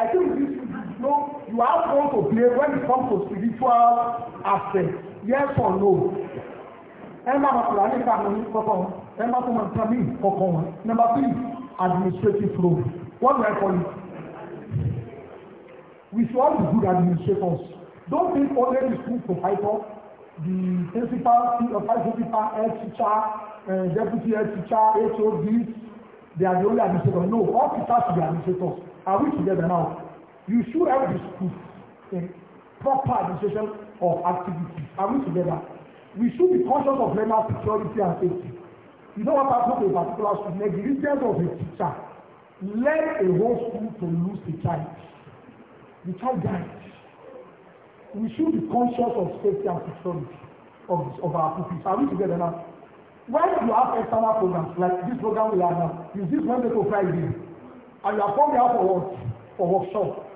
Speaker 1: i think this you know you have role to play when it comes to spiritual aspect yes or no ẹ má bàtà nípa àwọn oníkọ̀ọ̀kan ẹ má tó number three administrative role. What do I call it? We should all be good administrators. Don't think only the school provider, the principal, the principal, head teacher, uh, deputy head teacher, HOD, they are the only administrators. No, all teachers should be administrators. Are we together now? You should have the school in proper administration of activities. Are we together? We should be conscious of learner security and safety. You know what happened to a particular student? Negligence of a teacher led a whole school to lose a child. The child died. We should be conscious of safety and security of, of our pupils. Are we together now? When you have external programs like this program we are now, is this Monday to Friday, and you are coming out for what? For workshop.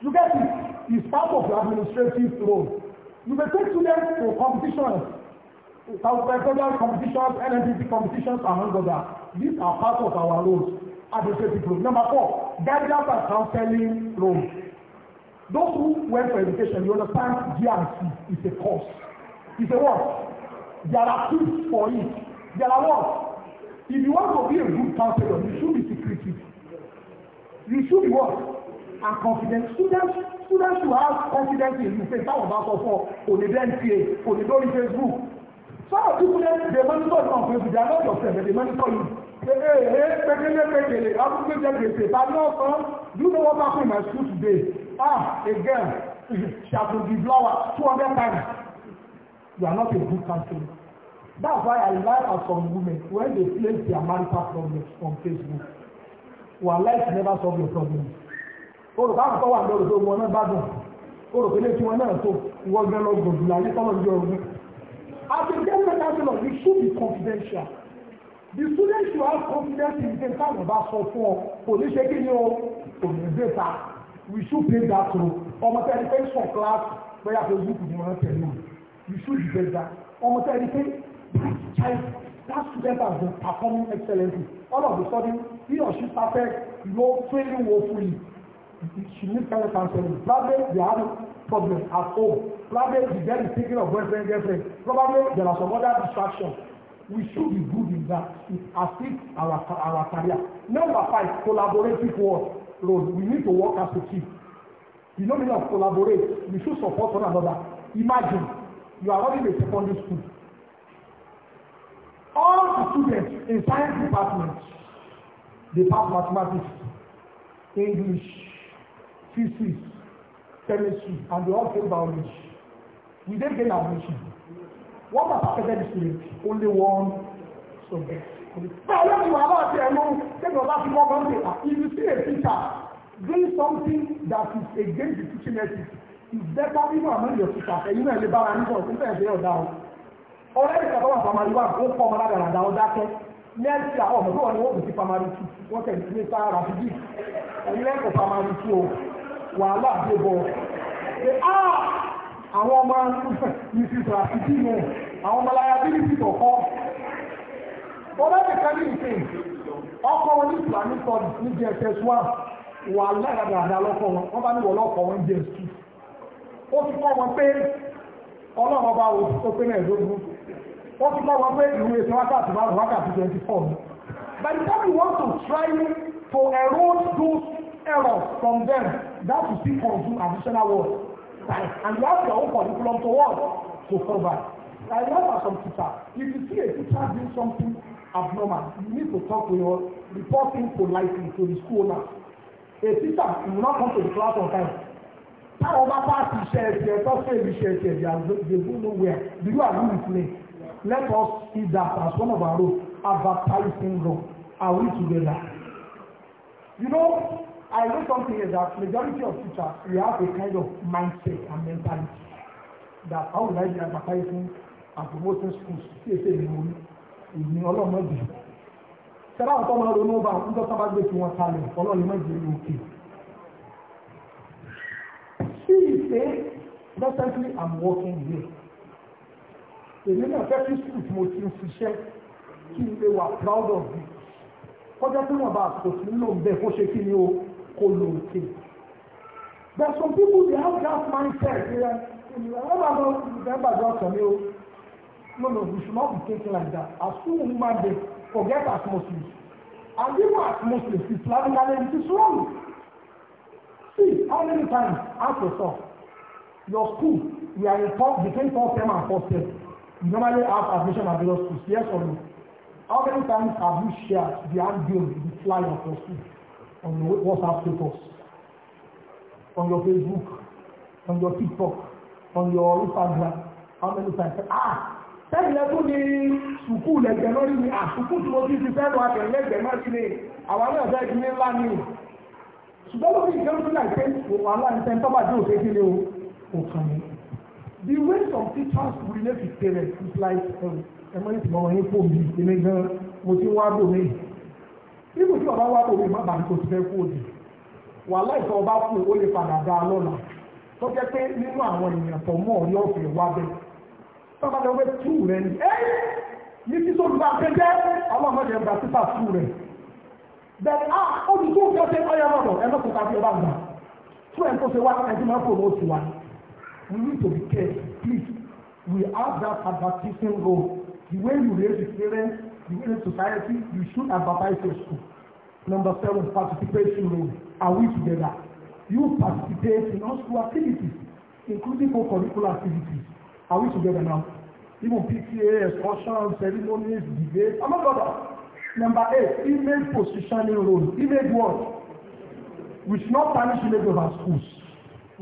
Speaker 1: You get it. It's part of the administrative role. You may take students to competitions South Ecuadorian competitions, NNPC competitions, among others. These are part of our roles, advocacy group. Number four, guidance and counseling roles. Those who went for education, you understand GRC is a course. It's a what? There are tips for it. There are what? If you want to be a good counselor, you should be secretive. You should be what? And confident. Students, students who have confidence in you. Say, táwọn bá sọ fún ọ, kò lè dẹ́n tiẹ̀, kò lè lórí Facebook, Some of people that they monitor the company, they are not yourself, they monitor you. Hey, hey, pekele, pekele, how people get the pay? But no, son, you know what happened in my school today? Ah, again, shall be blower 200 times. You are not a good counselor. That's why I laugh at some women when they place their marital problems on Facebook. Wà life never solve your problems. Olùkọ́ àkọ́kọ́ wà lórí ọ̀dọ́ wọn náà bá dùn. Olùkọ́ ilé tí wọ́n náà tó wọ́n gbẹ́ lọ́gbọ̀dù láyé tọ́lọ́ ìjọ ọ̀gbìn. As a general counselor, you should be confidential. The students should have confidence in the time of us for four. Police taking you to the data. We should pay that role. Ọmọ tẹ́ ẹni pé sọ class have to ni wọ́n the o. You should be better. Ọmọ tẹ́ ẹni that child that student has been performing excellently. All of a sudden, he or she started, you know, failing woefully. She needs parent counseling. Probably they are Problem at home. Probably the girl is thinking of boyfriend, girlfriend. Probably there are some other distractions. We should be good in that. It assists our, our career. Number five, collaborative work role. We need to work as a team. The notion of collaborate, we should support one another. Imagine you are running a secondary school. All the students in science department, they pass mathematics, English, physics, chemistry and they all fail biology we dey gain admission one papa pẹ̀lẹ́ student only one subject. báwo ni wàá bá ti ẹnu ṣẹ́gun ọba ti wọ́n gbọ́n pé if you see a teacher doing something that is against the teaching ethics it's better even among your teachers You know, lè bára nípa òsín fẹ́ẹ̀ ṣe ọ̀dà o. ọ̀rẹ́ ìṣẹ̀ tó wà pàmàlì wà ó kọ́ ọmọ lágàrà dá ọ dákẹ́ nẹ́ẹ̀sì àwọn ọmọdé wọn ni wọ́n kò sí pàmàlì tù wọ́n tẹ̀ ní sáà ràfíjì ẹ̀yin lẹ́kọ̀ọ́ pàmàlì tù o wàhálà àdébọ̀ pé á ah, àwọn ọmọ mrs rafidi nù àwọn ọmọ liability kọ̀ọ̀kọ́ ọlọ́dẹ̀ká ní ìsìn ọkọ̀ wọn ní islamic studies ní jss one wàhálà àdàdà lọ́kọ̀ wọn wọ́n bá ní wọ́lọ́kọ̀ wọn jss two ó ti kọ́ wọn pé ọlọ́run ọba wo tó pé náà lógún ó ti kọ́ wọn pé ìwé ìṣẹ́ wákàtí márùn wákàtí twenty four ni by the time you want to try to erode those errors from them that will still consume additional work time and you have your own curriculum to work to provide i love from some teacher if you see a teacher doing something abnormal you need to talk to your report him politely to the school owner a teacher will not come to the class on time táwọn bá bá ti ṣe ẹsẹ ẹtọ fún èmi ṣe ẹsẹ ẹdí àgbègbè where. do you agree with me let us see that as one of our role advertising role are we together you know I know something is that majority of teachers, we have a kind of mindset and mentality that how would I be advertising and promoting schools sí èsè ìròyìn ìní ọlọ́mọdé. Ṣẹ́lá àwọn tọ́mọ ronú bá ń tọ́ sábà gbé tí wọ́n kalẹ̀ ọlọ́ọ̀lẹ́mọdé ní òkè. She say, recently I'm working here. Èmi náà fẹ́ kí school tí mo ti ń ṣiṣẹ́ kí n lè wà proud of it. Kọjá tí wọ́n bá àsìkò sí ń lò ń bẹ̀ kó ṣe kí ni o kolonkin. There are some people they have that mindset. You know, oh my God, remember God from you. No, no, we should not be thinking like that. As two human beings, forget as Muslims. And even as Muslims, Islamically, it is wrong. See, how many times, ask yourself, your school, we are in top, between fourth term and fourth term. You normally have admission at your schools, yes or no? How many times have you shared the ambulance, the flyer for school? on your WhatsApp status, on your Facebook, on your TikTok, on your Instagram, how many times? Ah, sẹ́yìn lẹ́tún ní sùkúù lẹ́gbẹ̀ẹ́ lórí mi, ah, sùkúù tí mo ti ti fẹ́ẹ́ lọ àtẹ̀yìn lẹ́gbẹ̀ẹ́ náà sí ni, àwọn náà fẹ́ẹ́ di ní ńlá ni. Ṣùgbọ́n lórí ìjẹun tó láì pé òun aláìsẹ́ tọ́ba tí ò ṣe kí ni o, The way some teachers relate with parents is like um, ẹ̀mọ́ ní tìmọ̀ wọn ní fóònù ìpínlẹ̀ gan-an, mo ti wá bò mí. nínú tí ọba wà lórí má bàbá tó ti fẹ́ kú òdì wà láìsọ ọba kú ó lè padà dá lọ́la tó jẹ́ pé nínú àwọn èèyàn tó mọ̀ ọ̀rí ọ̀fẹ́ wá sábà lọ́wọ́ tú rẹ ni ẹ́ ní tí sọ́dún bá jẹ́ sípà tú rẹ bẹ́ẹ̀ á tó ọyọ ẹ lọ́kùn ọba gbà tú ẹ̀ ṣe we need to be careful please we have that advertising role the way you raise the In aid society you should advertise your school number seven participation role are we together you participate in all school activities including co-curricular activities are we together now even PTA excursions ceremonies debates among others number eight image positioning role image what we should not tarnish image of our schools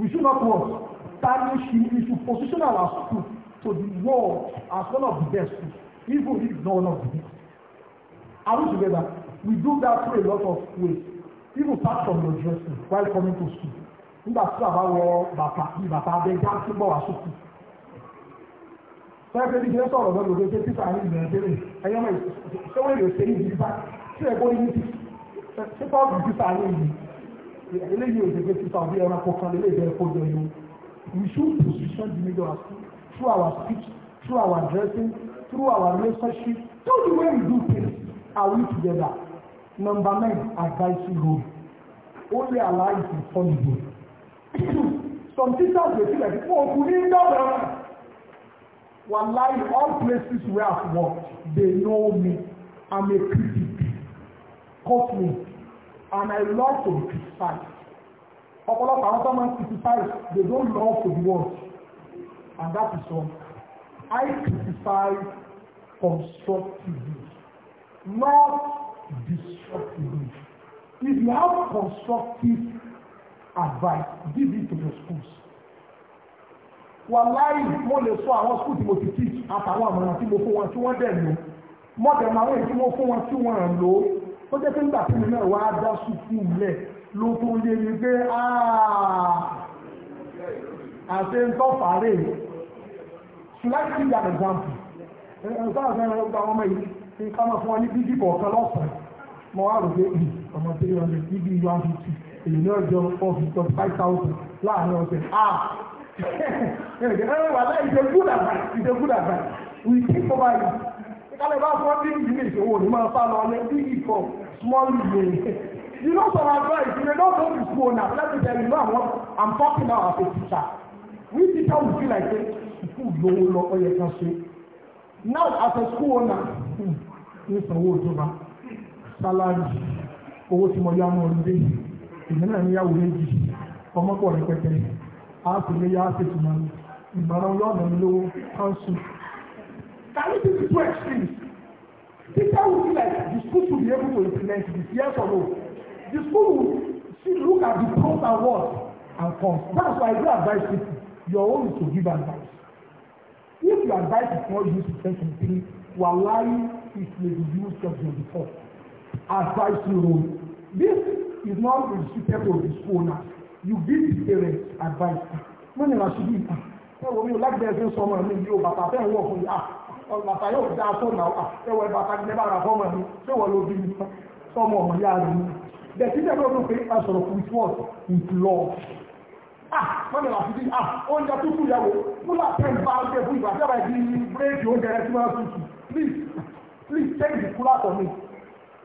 Speaker 1: we should not what tarnish we should position our school to the world as one of the best schools even if it's not one of the best Are we together? We do that through a lot of ways. People apart from your dressing while coming to school. Nígbà tí bàbá wọ bàtà bí bàtà abẹ́ já sí bọ̀ wá sókè. Sọ́yẹ́ pé bíjẹ́ sọ̀rọ̀ lọ́dọ̀ lóde pé Peter ní ìbẹ̀rẹ̀ tẹ́lẹ̀ ẹ̀yẹ́ mọ̀ ìṣẹ́wé rẹ̀ ṣe ní ìdíbà tí ẹ̀gbọ́n ní ti ṣé Pọ́ọ̀lù Peter ní ìlú. Eléyìí ò ṣègbè Peter ọ̀bí ẹranko kan lè bẹ̀rẹ̀ kọjọ yìí. We should position the middle as through our speech, through our dressing, through our relationship, through the way we do things. Are we together? Number nine, advisory role. Only Allah is responsible. Some teachers they feel like, oh, could you know that? Wallahi, all places where I've worked, they know me. I'm a critic. Cut me. And I love to be criticized. Ọ̀pọ̀lọpọ̀ àwọn tó máa ń criticize, they don't love to be watched. And that is all. I criticize constructively not destructive. If you have constructive advice, give it to your schools. Wàláì mo lè sọ àwọn school tí mo ti teach àtàwọn àmọ̀ràn tí mo fún wọn tí wọ́n dẹ̀ lò. Mo dẹ̀ mọ àwọn èyí tí mo fún wọn tí wọ́n lò. Ó jẹ́ pé nígbà tí mi náà wá dá sùkúù lẹ̀ ló tó yé mi pé ah, àṣẹ ń tọ́ fàárẹ̀. Should I give you an example? Ẹ̀sán àti ẹ̀rọ gba ọmọ yìí pé ká máa fún wa ní bíbí kọ̀ọ̀kan lọ́sàn-án mo wá rò pé hmm, ọmọ three hundred bíbí one fifty èyí ní ọjọ́ four fifty five thousand láàrin ọ̀sẹ̀ ah ẹ̀rọ wà láì good advice we think over it kálẹ̀ bá fún ọdún yìí lè ṣòwò ní máa sá lọ ọlẹ́ bíbí kọ̀ small business you know some advice you may not go to school now let me tell you what I'm talking about as a teacher we teacher we feel like say school lọ ọyẹ kan ṣe now as a school owner ní sanwó ìjọba salary owó tí mo yá mọ́ ọdún èmi náà níyàwó méjì ọmọ pọ̀ rẹpẹtẹ àásìlẹ̀ yá àṣètò máa ní ìmọ̀ràn lọ́nà lówó council. Can we be the two extremes? Teacher will be like the school should be able to implement this yes or no. The school will see look at the pros and cons and cons. That's why I do advise people your own is to give advice if you advise before you used to person three wallahi it may be used to twenty before. advice you know this is not the restricted to the school now you give the parents advice wọ́n ní ìrànṣẹ́ bíi ìta ẹ̀wọ̀ mi ò lágbẹ̀ẹ́ ẹ̀sìn sọmọ mi yóò bàtà bẹ́ẹ̀ wọ̀ fún mi à ah, bàtà yóò dá Ah, tell me, bàtà ní never ara fọ́mọ mi ṣé wọ́n ló bí mi sọmọ ọmọ yára mi. the teacher don know pay us for food for with law mọ́nà ah, làfi bí ah, oúnjẹ tó kù yàwó fúlà ten bá ń fún ìgbà sábà di bírèdì oúnjẹ rẹ tí wọ́n tutù please please take the cooler for me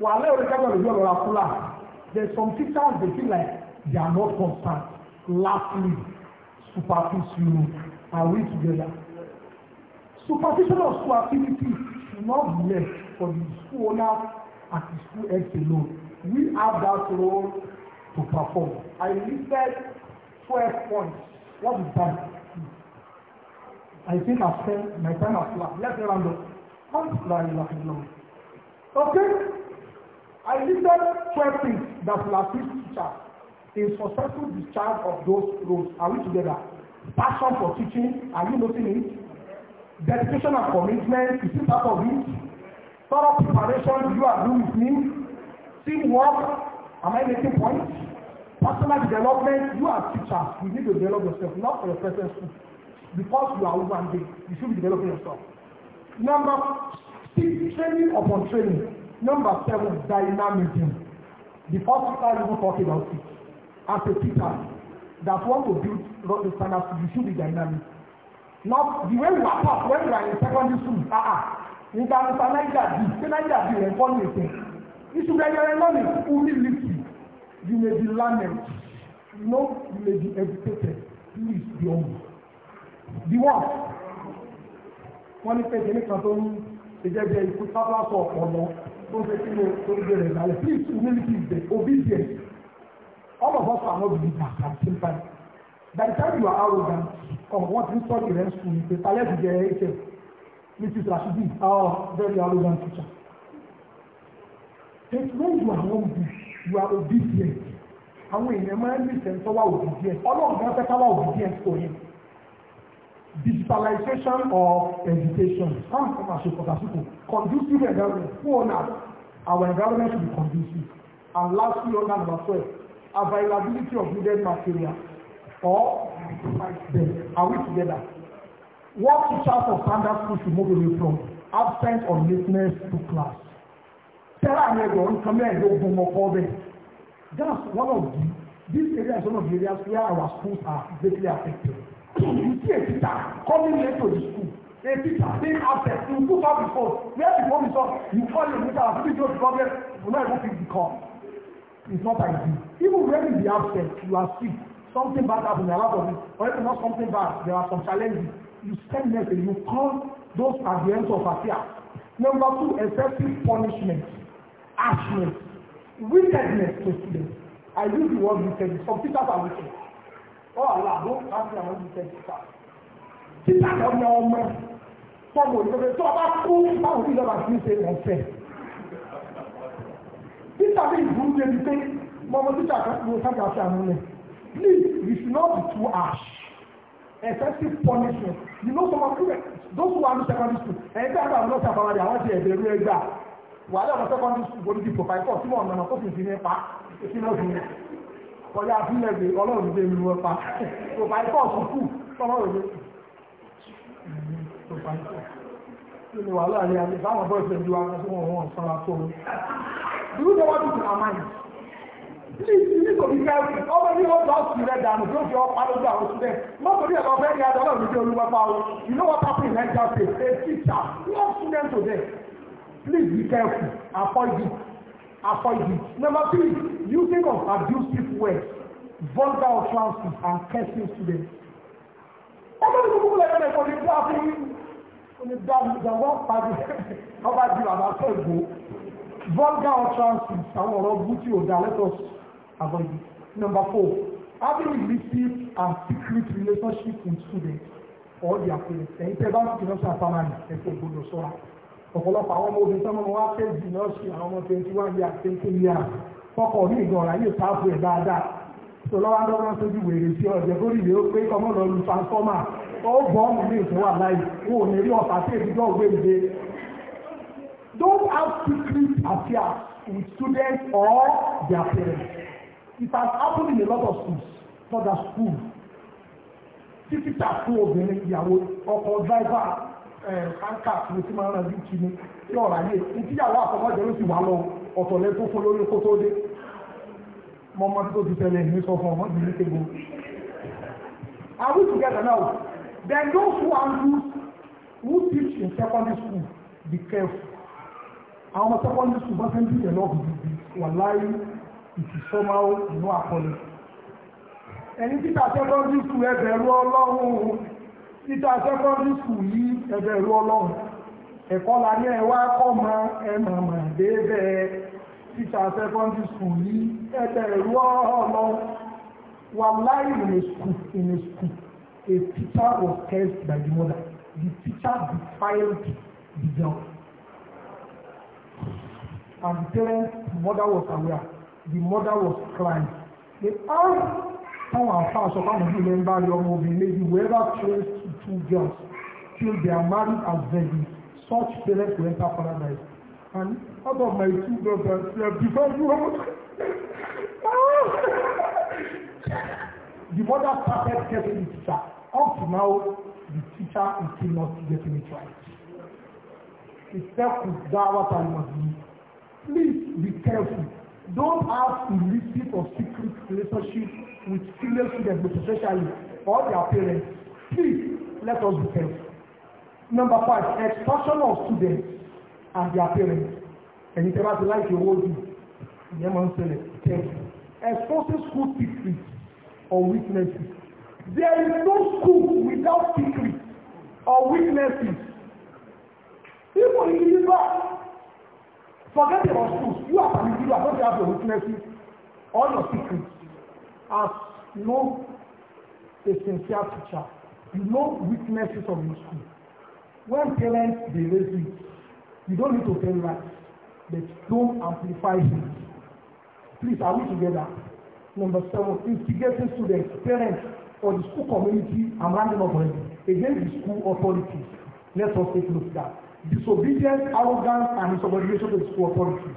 Speaker 1: wà á lẹ́yìn orí kẹ́kọ̀ọ́ lójú ọ̀rọ̀ there is some teachers dey feel like they are not constant lastly superficial are we together superficial school activities should not be left for the school owner and the school head alone we have that role to perform i listed Twelve points. What is that? I think I've spent my time at last. Let's round up. Okay? I listed twelve things that will assist teachers in successful discharge of those roles. Are we together? Passion for teaching, are you noting it? Dedication and commitment, is it part of it? Thorough preparation, you are doing with me. Teamwork, am I making points? Personal development, you as teacher. you need to develop yourself, not for your present school. Because you are human being, you should be developing yourself. Number six, training upon training. Number seven, dynamism. The first teacher is not talking about it. As a teacher that one to build the standards, you should be dynamic. Not the way we are taught when we are in secondary school. Ah ah. Nígbà nípa Nàìjíríà bíi ṣé Nàìjíríà bíi rẹ̀ ń kọ́ ní ètò. Ìṣúgbẹ́jọ́ rẹ̀ lọ́nà ìkú ní lìtì. You may be learned. No, you may be educated. Please be humble. Be what? Wọ́n ní pẹ̀lú ẹni kan tó ń ṣẹjẹ́ bí ikú sábà sọ ọ̀nà tó ń ṣe kí ló tó ń bẹ̀rẹ̀ lálẹ́. Please humility is there. Obedience. All of us are not believers at the same time. By the time you are arrogant, or what you saw in the school, the talent is there. Mrs. Rashidi, our oh, very arrogant teacher. It's when you are hungry, you are obedient. Àwọn èèyàn máa ń lìsẹ̀ ń sọ́wọ́ obedient. Ọlọ́run kan fẹ́ káwá obedient for him. Digitalization of education. Sáwọn kan máa ṣe pàtàkìkò. Conducive environment. Fún ọ̀nà our environment should be conducive. And lastly, under number twelve, availability of needed material or them. Are we together? What teachers of standard school should move away from? absent or lateness to class tẹ́lá àwọn ẹgbẹ̀rún kan mẹ́ẹ̀ẹ́dógún ọkọ̀ bẹ́ẹ̀ that's one of the these areas one of the areas where our schools are greatly affected you see a teacher coming late to the school a teacher being absent you put up the phone where the phone is you call your teacher and see those problems you no even fit be call it's not ideal even when you be absent you are sick something bad happen a lot of it or if not something bad there are some challenges you send message you call those at the end of affair number two excessive punishment harshness, wickedness to slaves. I use the word wicked. Some teachers are wicked. Oh Allah, don't ask me about wicked teachers. Teachers are not ọmọ. Sọ́mọ ìjọba tó ọba kú báwo ní ìjọba kì í ṣe wọ́n fẹ́. Títà bí ìlú ń débi pé mọ́mọ́ títà kan ló sábà ṣe àmúlẹ̀. Please, we should not be too harsh. Excessive punishment. You know some of those who are in secondary school, ẹ̀ẹ́dẹ́gbàá ló ṣàbàwọ̀ àdé àwọn ti ẹ̀bẹ̀rù ẹgbàá wàhálà ọmọ secondary school bó ní ti provide for símọ̀ ọ̀nà tó fi ní pa sí náà fi kọjá abúlé gbé ọlọ́run gbé mi wọ́n pa provide for sùkúù ọlọ́run gbé provide for kí ni wàhálà yẹn àti báwọn bọ́ọ̀ ṣe ń ju ara tí wọ́n wọ́n sanra tó o. irú tó wá dùn sí màmá yìí please you need to be careful ọmọ ní ọjọ́ ọ̀sùn rẹ̀ dànù tó fi ọ̀pá lójú àwọn sílẹ̀ mọ́tò ní ẹ̀kọ́ fẹ́ẹ́ ní adọ́lọ́run ní olúwa pa o you know what happen in Niger State a teacher no student today Please be careful. Avoid it. Avoid it. Number three, using of abusive words, vulgar utterances, and cursing students. Ọmọ ìlú gbogbo ẹgbẹ́ ẹ̀kọ́ ní bí a fi ní dáàbò ìjàmbá pàdé ọba di bàbá sẹ́gbó. Vulgar utterances, àwọn ọ̀rọ̀ bútí ò dá let us avoid it. Number four, having illicit and secret relationship with students or their parents. Ẹ̀yin tẹ́ bá ń fi ìránṣẹ́ àpamọ́ ẹ̀kọ́ gbọdọ̀ sọ́ra ọ̀pọ̀lọpọ̀ àwọn ọmọ obìnrin sọ́mọ́ wá fẹ́ jù náà ṣe àwọn ọmọ twenty one years twenty years fọ́kọ̀ ní ìgbọ̀n ọ̀rá yóò ẹ̀ dáadáa tó lọ́wọ́ lọ́wọ́ sójú wèrè sí ọ̀jẹ̀ tó rí ìwé pé ọmọ lọ lu transforma ó bọ́ ọmọ mi ìfẹ́ wà láì wọn ní rí ọ̀tá sí èdè tó ìdè. Don't have secret affairs with students or their parents. It has happened in a lot of schools for the school. Títí tàkùn obìnrin ìyàwó ọkọ̀ driver Eh, káńkà ló ti máa ń ranjú kí ni tí ọ̀rọ̀ ìtìyàwó àfọmọ́jọ ló sì wà lọ ọ̀tọ̀ lẹ tó fún lórí kó dé mọ ọmọ tó ti tẹ̀lé ní sọ fún ọmọ mi ní tègbó. Are we together now? Then those who are loose who teach in secondary school be careful. Àwọn secondary school bá fẹ́ bí ẹ̀ lọ́ọ̀bù bíbí wà láyé ìtìsọ́máwó ìnú àkọlẹ̀. Ẹni títà secondary school ẹ bẹ̀rù Ọlọ́run títà secondary school yìí ẹ̀bẹ̀rù ọlọ́run ẹ̀kọ́ la ní ẹwà kọ́mọ ẹ̀mọ̀mọ̀ déédéé títà secondary school yìí ẹ̀bẹ̀rù ọlọ́run wallahi in a school in a school a teacher was cursed by the mother the teacher defiled the girl and the parents the mother was aware the mother was crying they asked ah, táwọn àfáà sọ fáwọn ojú ilẹ̀ ń movie rí Whoever obìnrin to two girls till they are married as virgins such parents will enter paradise and out of my two daughters? they are before you the mother started getting the teacher up to now the teacher is still not getting it right it's self-doubt and must be please be careful don't have illicit or secret relationship with female students, but especially or their parents. Please, let us be careful. Number five, expulsion of students and their parents. Ẹ̀yin tẹ́ bá ti láìpẹ́ owó jù, ìyẹn máa ń ṣẹlẹ̀ kẹ́kẹ́. Exposing school secrets or witnesses. There is no school without secrets or witnesses. People in the back, Forget your schools. You are permitted. You are going have your witnesses, all your secrets. As you know, a sincere teacher, you know witnesses of your school. When parents they raise you, you don't need to tell lies, but don't amplify it. Please, are we together? Number seven, instigating students, parents, or the school community, I'm running up against the school authorities. Let us take note look that disobedience, arrogance, and insubordination to school authority.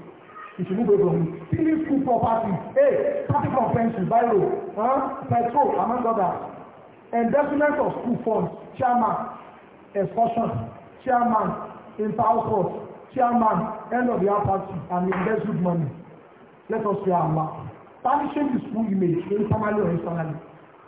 Speaker 1: It should move away from it. Stealing school property, hey, party convention, bylaw, huh? petrol, among others. Investment of school funds, chairman, excursion, chairman, in power court, chairman, end of the party, and invest good money. Let us hear Allah. Punishing the school image, informally or externally.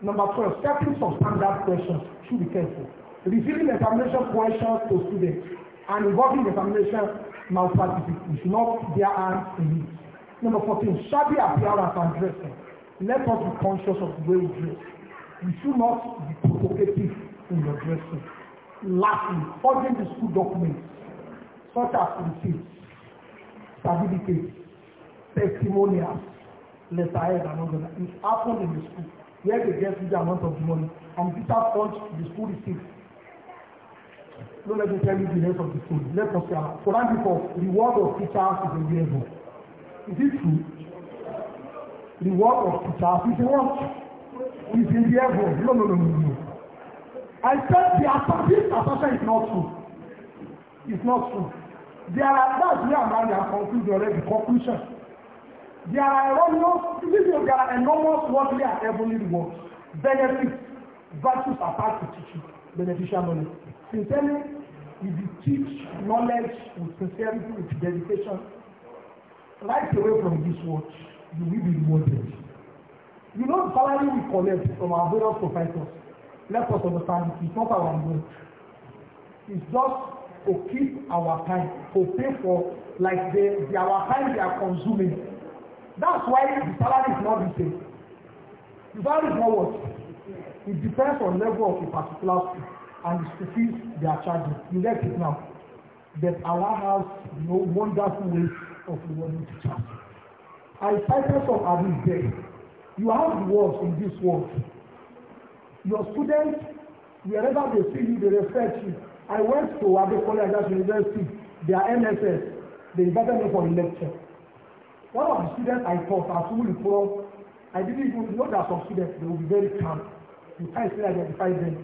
Speaker 1: Number 12, setting some standard questions. Should be careful. Receiving examination questions to students and involving examination malpractice is not their hand in it. Number 14, shabby appearance and dressing. Let us be conscious of the way we dress. We should not be provocative in your dressing. Lastly, forging the school documents, such as receipts, certificates, testimonials, letterhead, and all that. It's happened in the school where they get the amount of money and teachers punch the school receipts No let me tell you the name of the school. Let us say, Quran the word of teachers is available. Is it true? The word of teachers is a what? Is in the heaven. No, no, no, no, no. I said the assertion, assertion is not true. It's not true. There are, that that's where I'm at, concluded already, conclusion. There are erroneous, there are enormous worldly and heavenly rewards, benefits, virtues attached to teaching, beneficial knowledge. Sincerely, if you teach knowledge with sincerity, with dedication, right away from this watch, you will be rewarded. You know the salary we collect from our various providers, let us understand it, it's not our work. It's just to keep our time, to pay for, like the, the our time they are consuming. That's why the salary is not the same. The salary is not what? It depends on level of a particular school and the school fees they are charging. You get it now. That Allah has no wonderful ways of rewarding charge. I cited some Abis there. You have rewards in this world. Your students, wherever they see you, they respect you. I went to Adekola Agas University, their MSS, they invited me for a lecture. One of the students I taught, Asumuli Pro, I didn't even know that some students, they would be very calm. You can't still identify them.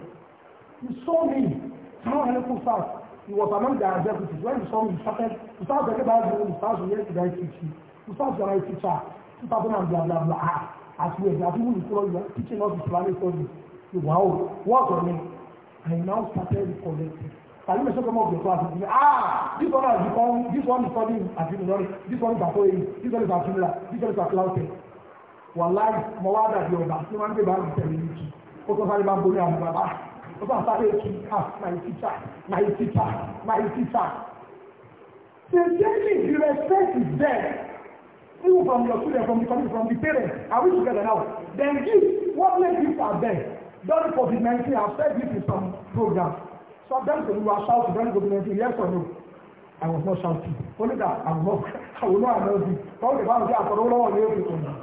Speaker 1: He saw me. Salam alaikum, Ustaz. He was among the executives. When he saw me, he started, Ustaz, I get back to him, Ustaz, the did I teach you? Ustaz, you're my He started and blah, blah, blah. Ah, as we are, people will follow teaching us Islamic studies. Wow, what's your name? I now started collecting. Salim is talking about the class. said, ah, this one has become, this one is studying at Unilori, this one is at OAE, this one is at Unila, this one is at Cloud Tech. Wàláì, mo wá dàbí ọ̀dà, ní wọ́n ń gbé the ń tẹ̀lé méjì. Ó tún sáré máa ń borí ọba àbára ètù ah my teacher my teacher my teacher sincerely the respect is there even from your children from the community from the parents are we together now then give what makes you are there during covid nineteen I've said this in some programs sometimes when you were shouting during covid nineteen yes or no i was not shouting only that i was not i will not annoyed talking about the àtọ̀rọ̀ lọ́wọ́ ní èkó kan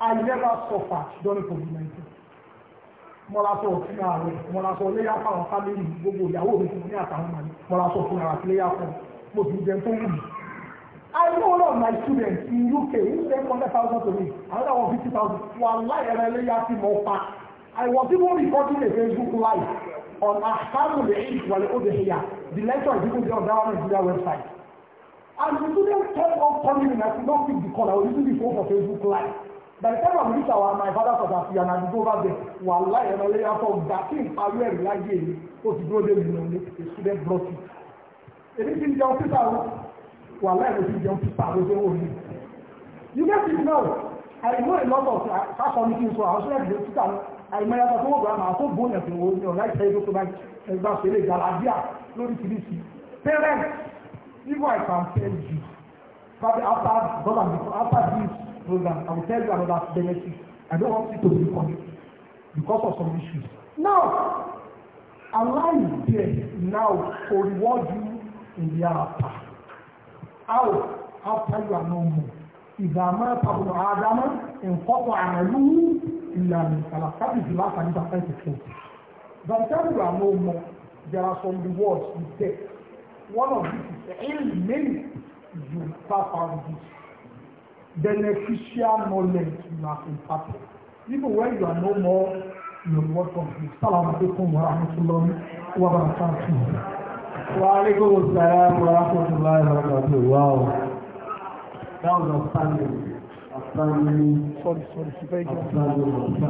Speaker 1: i never suffered during covid nineteen mọ́lásọ fúnra rẹ̀ mọ́lásọ léyà fáwọn fámìlì gbogbo ìyàwó mi fún ní àtàwọn màmí mọ́lásọ fúnra rẹ̀ léyà fún mo ti jẹun tó wù I know all of my students in UK who spend one hundred thousand to me another one fifty thousand wà láì ẹ̀rọ ẹlẹ́yà sí mọ́ pa I was even recording a Facebook live on akamu the age wale odehiya the lecture is even there on that Nigeria website and the students kept up calling me and I could not pick the call I was using the phone for Facebook live by the time I reach our my father for that year and I go over there wàhálà ẹ̀rọ lẹ́yìn afọ ọ̀gá tí n parí ẹ̀rí láyé mi ó ti dúró dé mi lọ ní a student block it èmi ti ń jẹun pípa o wàhálà ẹ̀rọ ti ń jẹun pípa o ṣe wò ni you get it now I know a lot of fashion ní kí I sọ àwọn ṣẹlẹ̀ ìdílé títà ní àìmọ̀ yàtọ̀ tó wọ́n gbà máa tó bóyá tó wọ́n ní ọ̀la ìṣẹ́ ìdókòó bá ẹgbà ṣe lè gbàlá bíà lórí kìrìsì parents even I can tell you after after after this program, I will tell you about benefits. I don't want you to be committed because of some issues. Now, Allah is there now to reward you in the hereafter. How? After you are no more. إذا مات ابن آدم انقطع عمله إلا من ثلاث. That is the last and the first thing. By the time you are no there are some rewards with death. One of these is ilmin. You suffer with this beneficial knowledge you have imparted. Even when you are no more, you are welcome. Salaam alaikum wa rahmatullahi wa barakatuh. Wa alaikum salam wa rahmatullahi wa barakatuh. Wow. That was outstanding. Outstanding. Sorry, sorry. Thank you.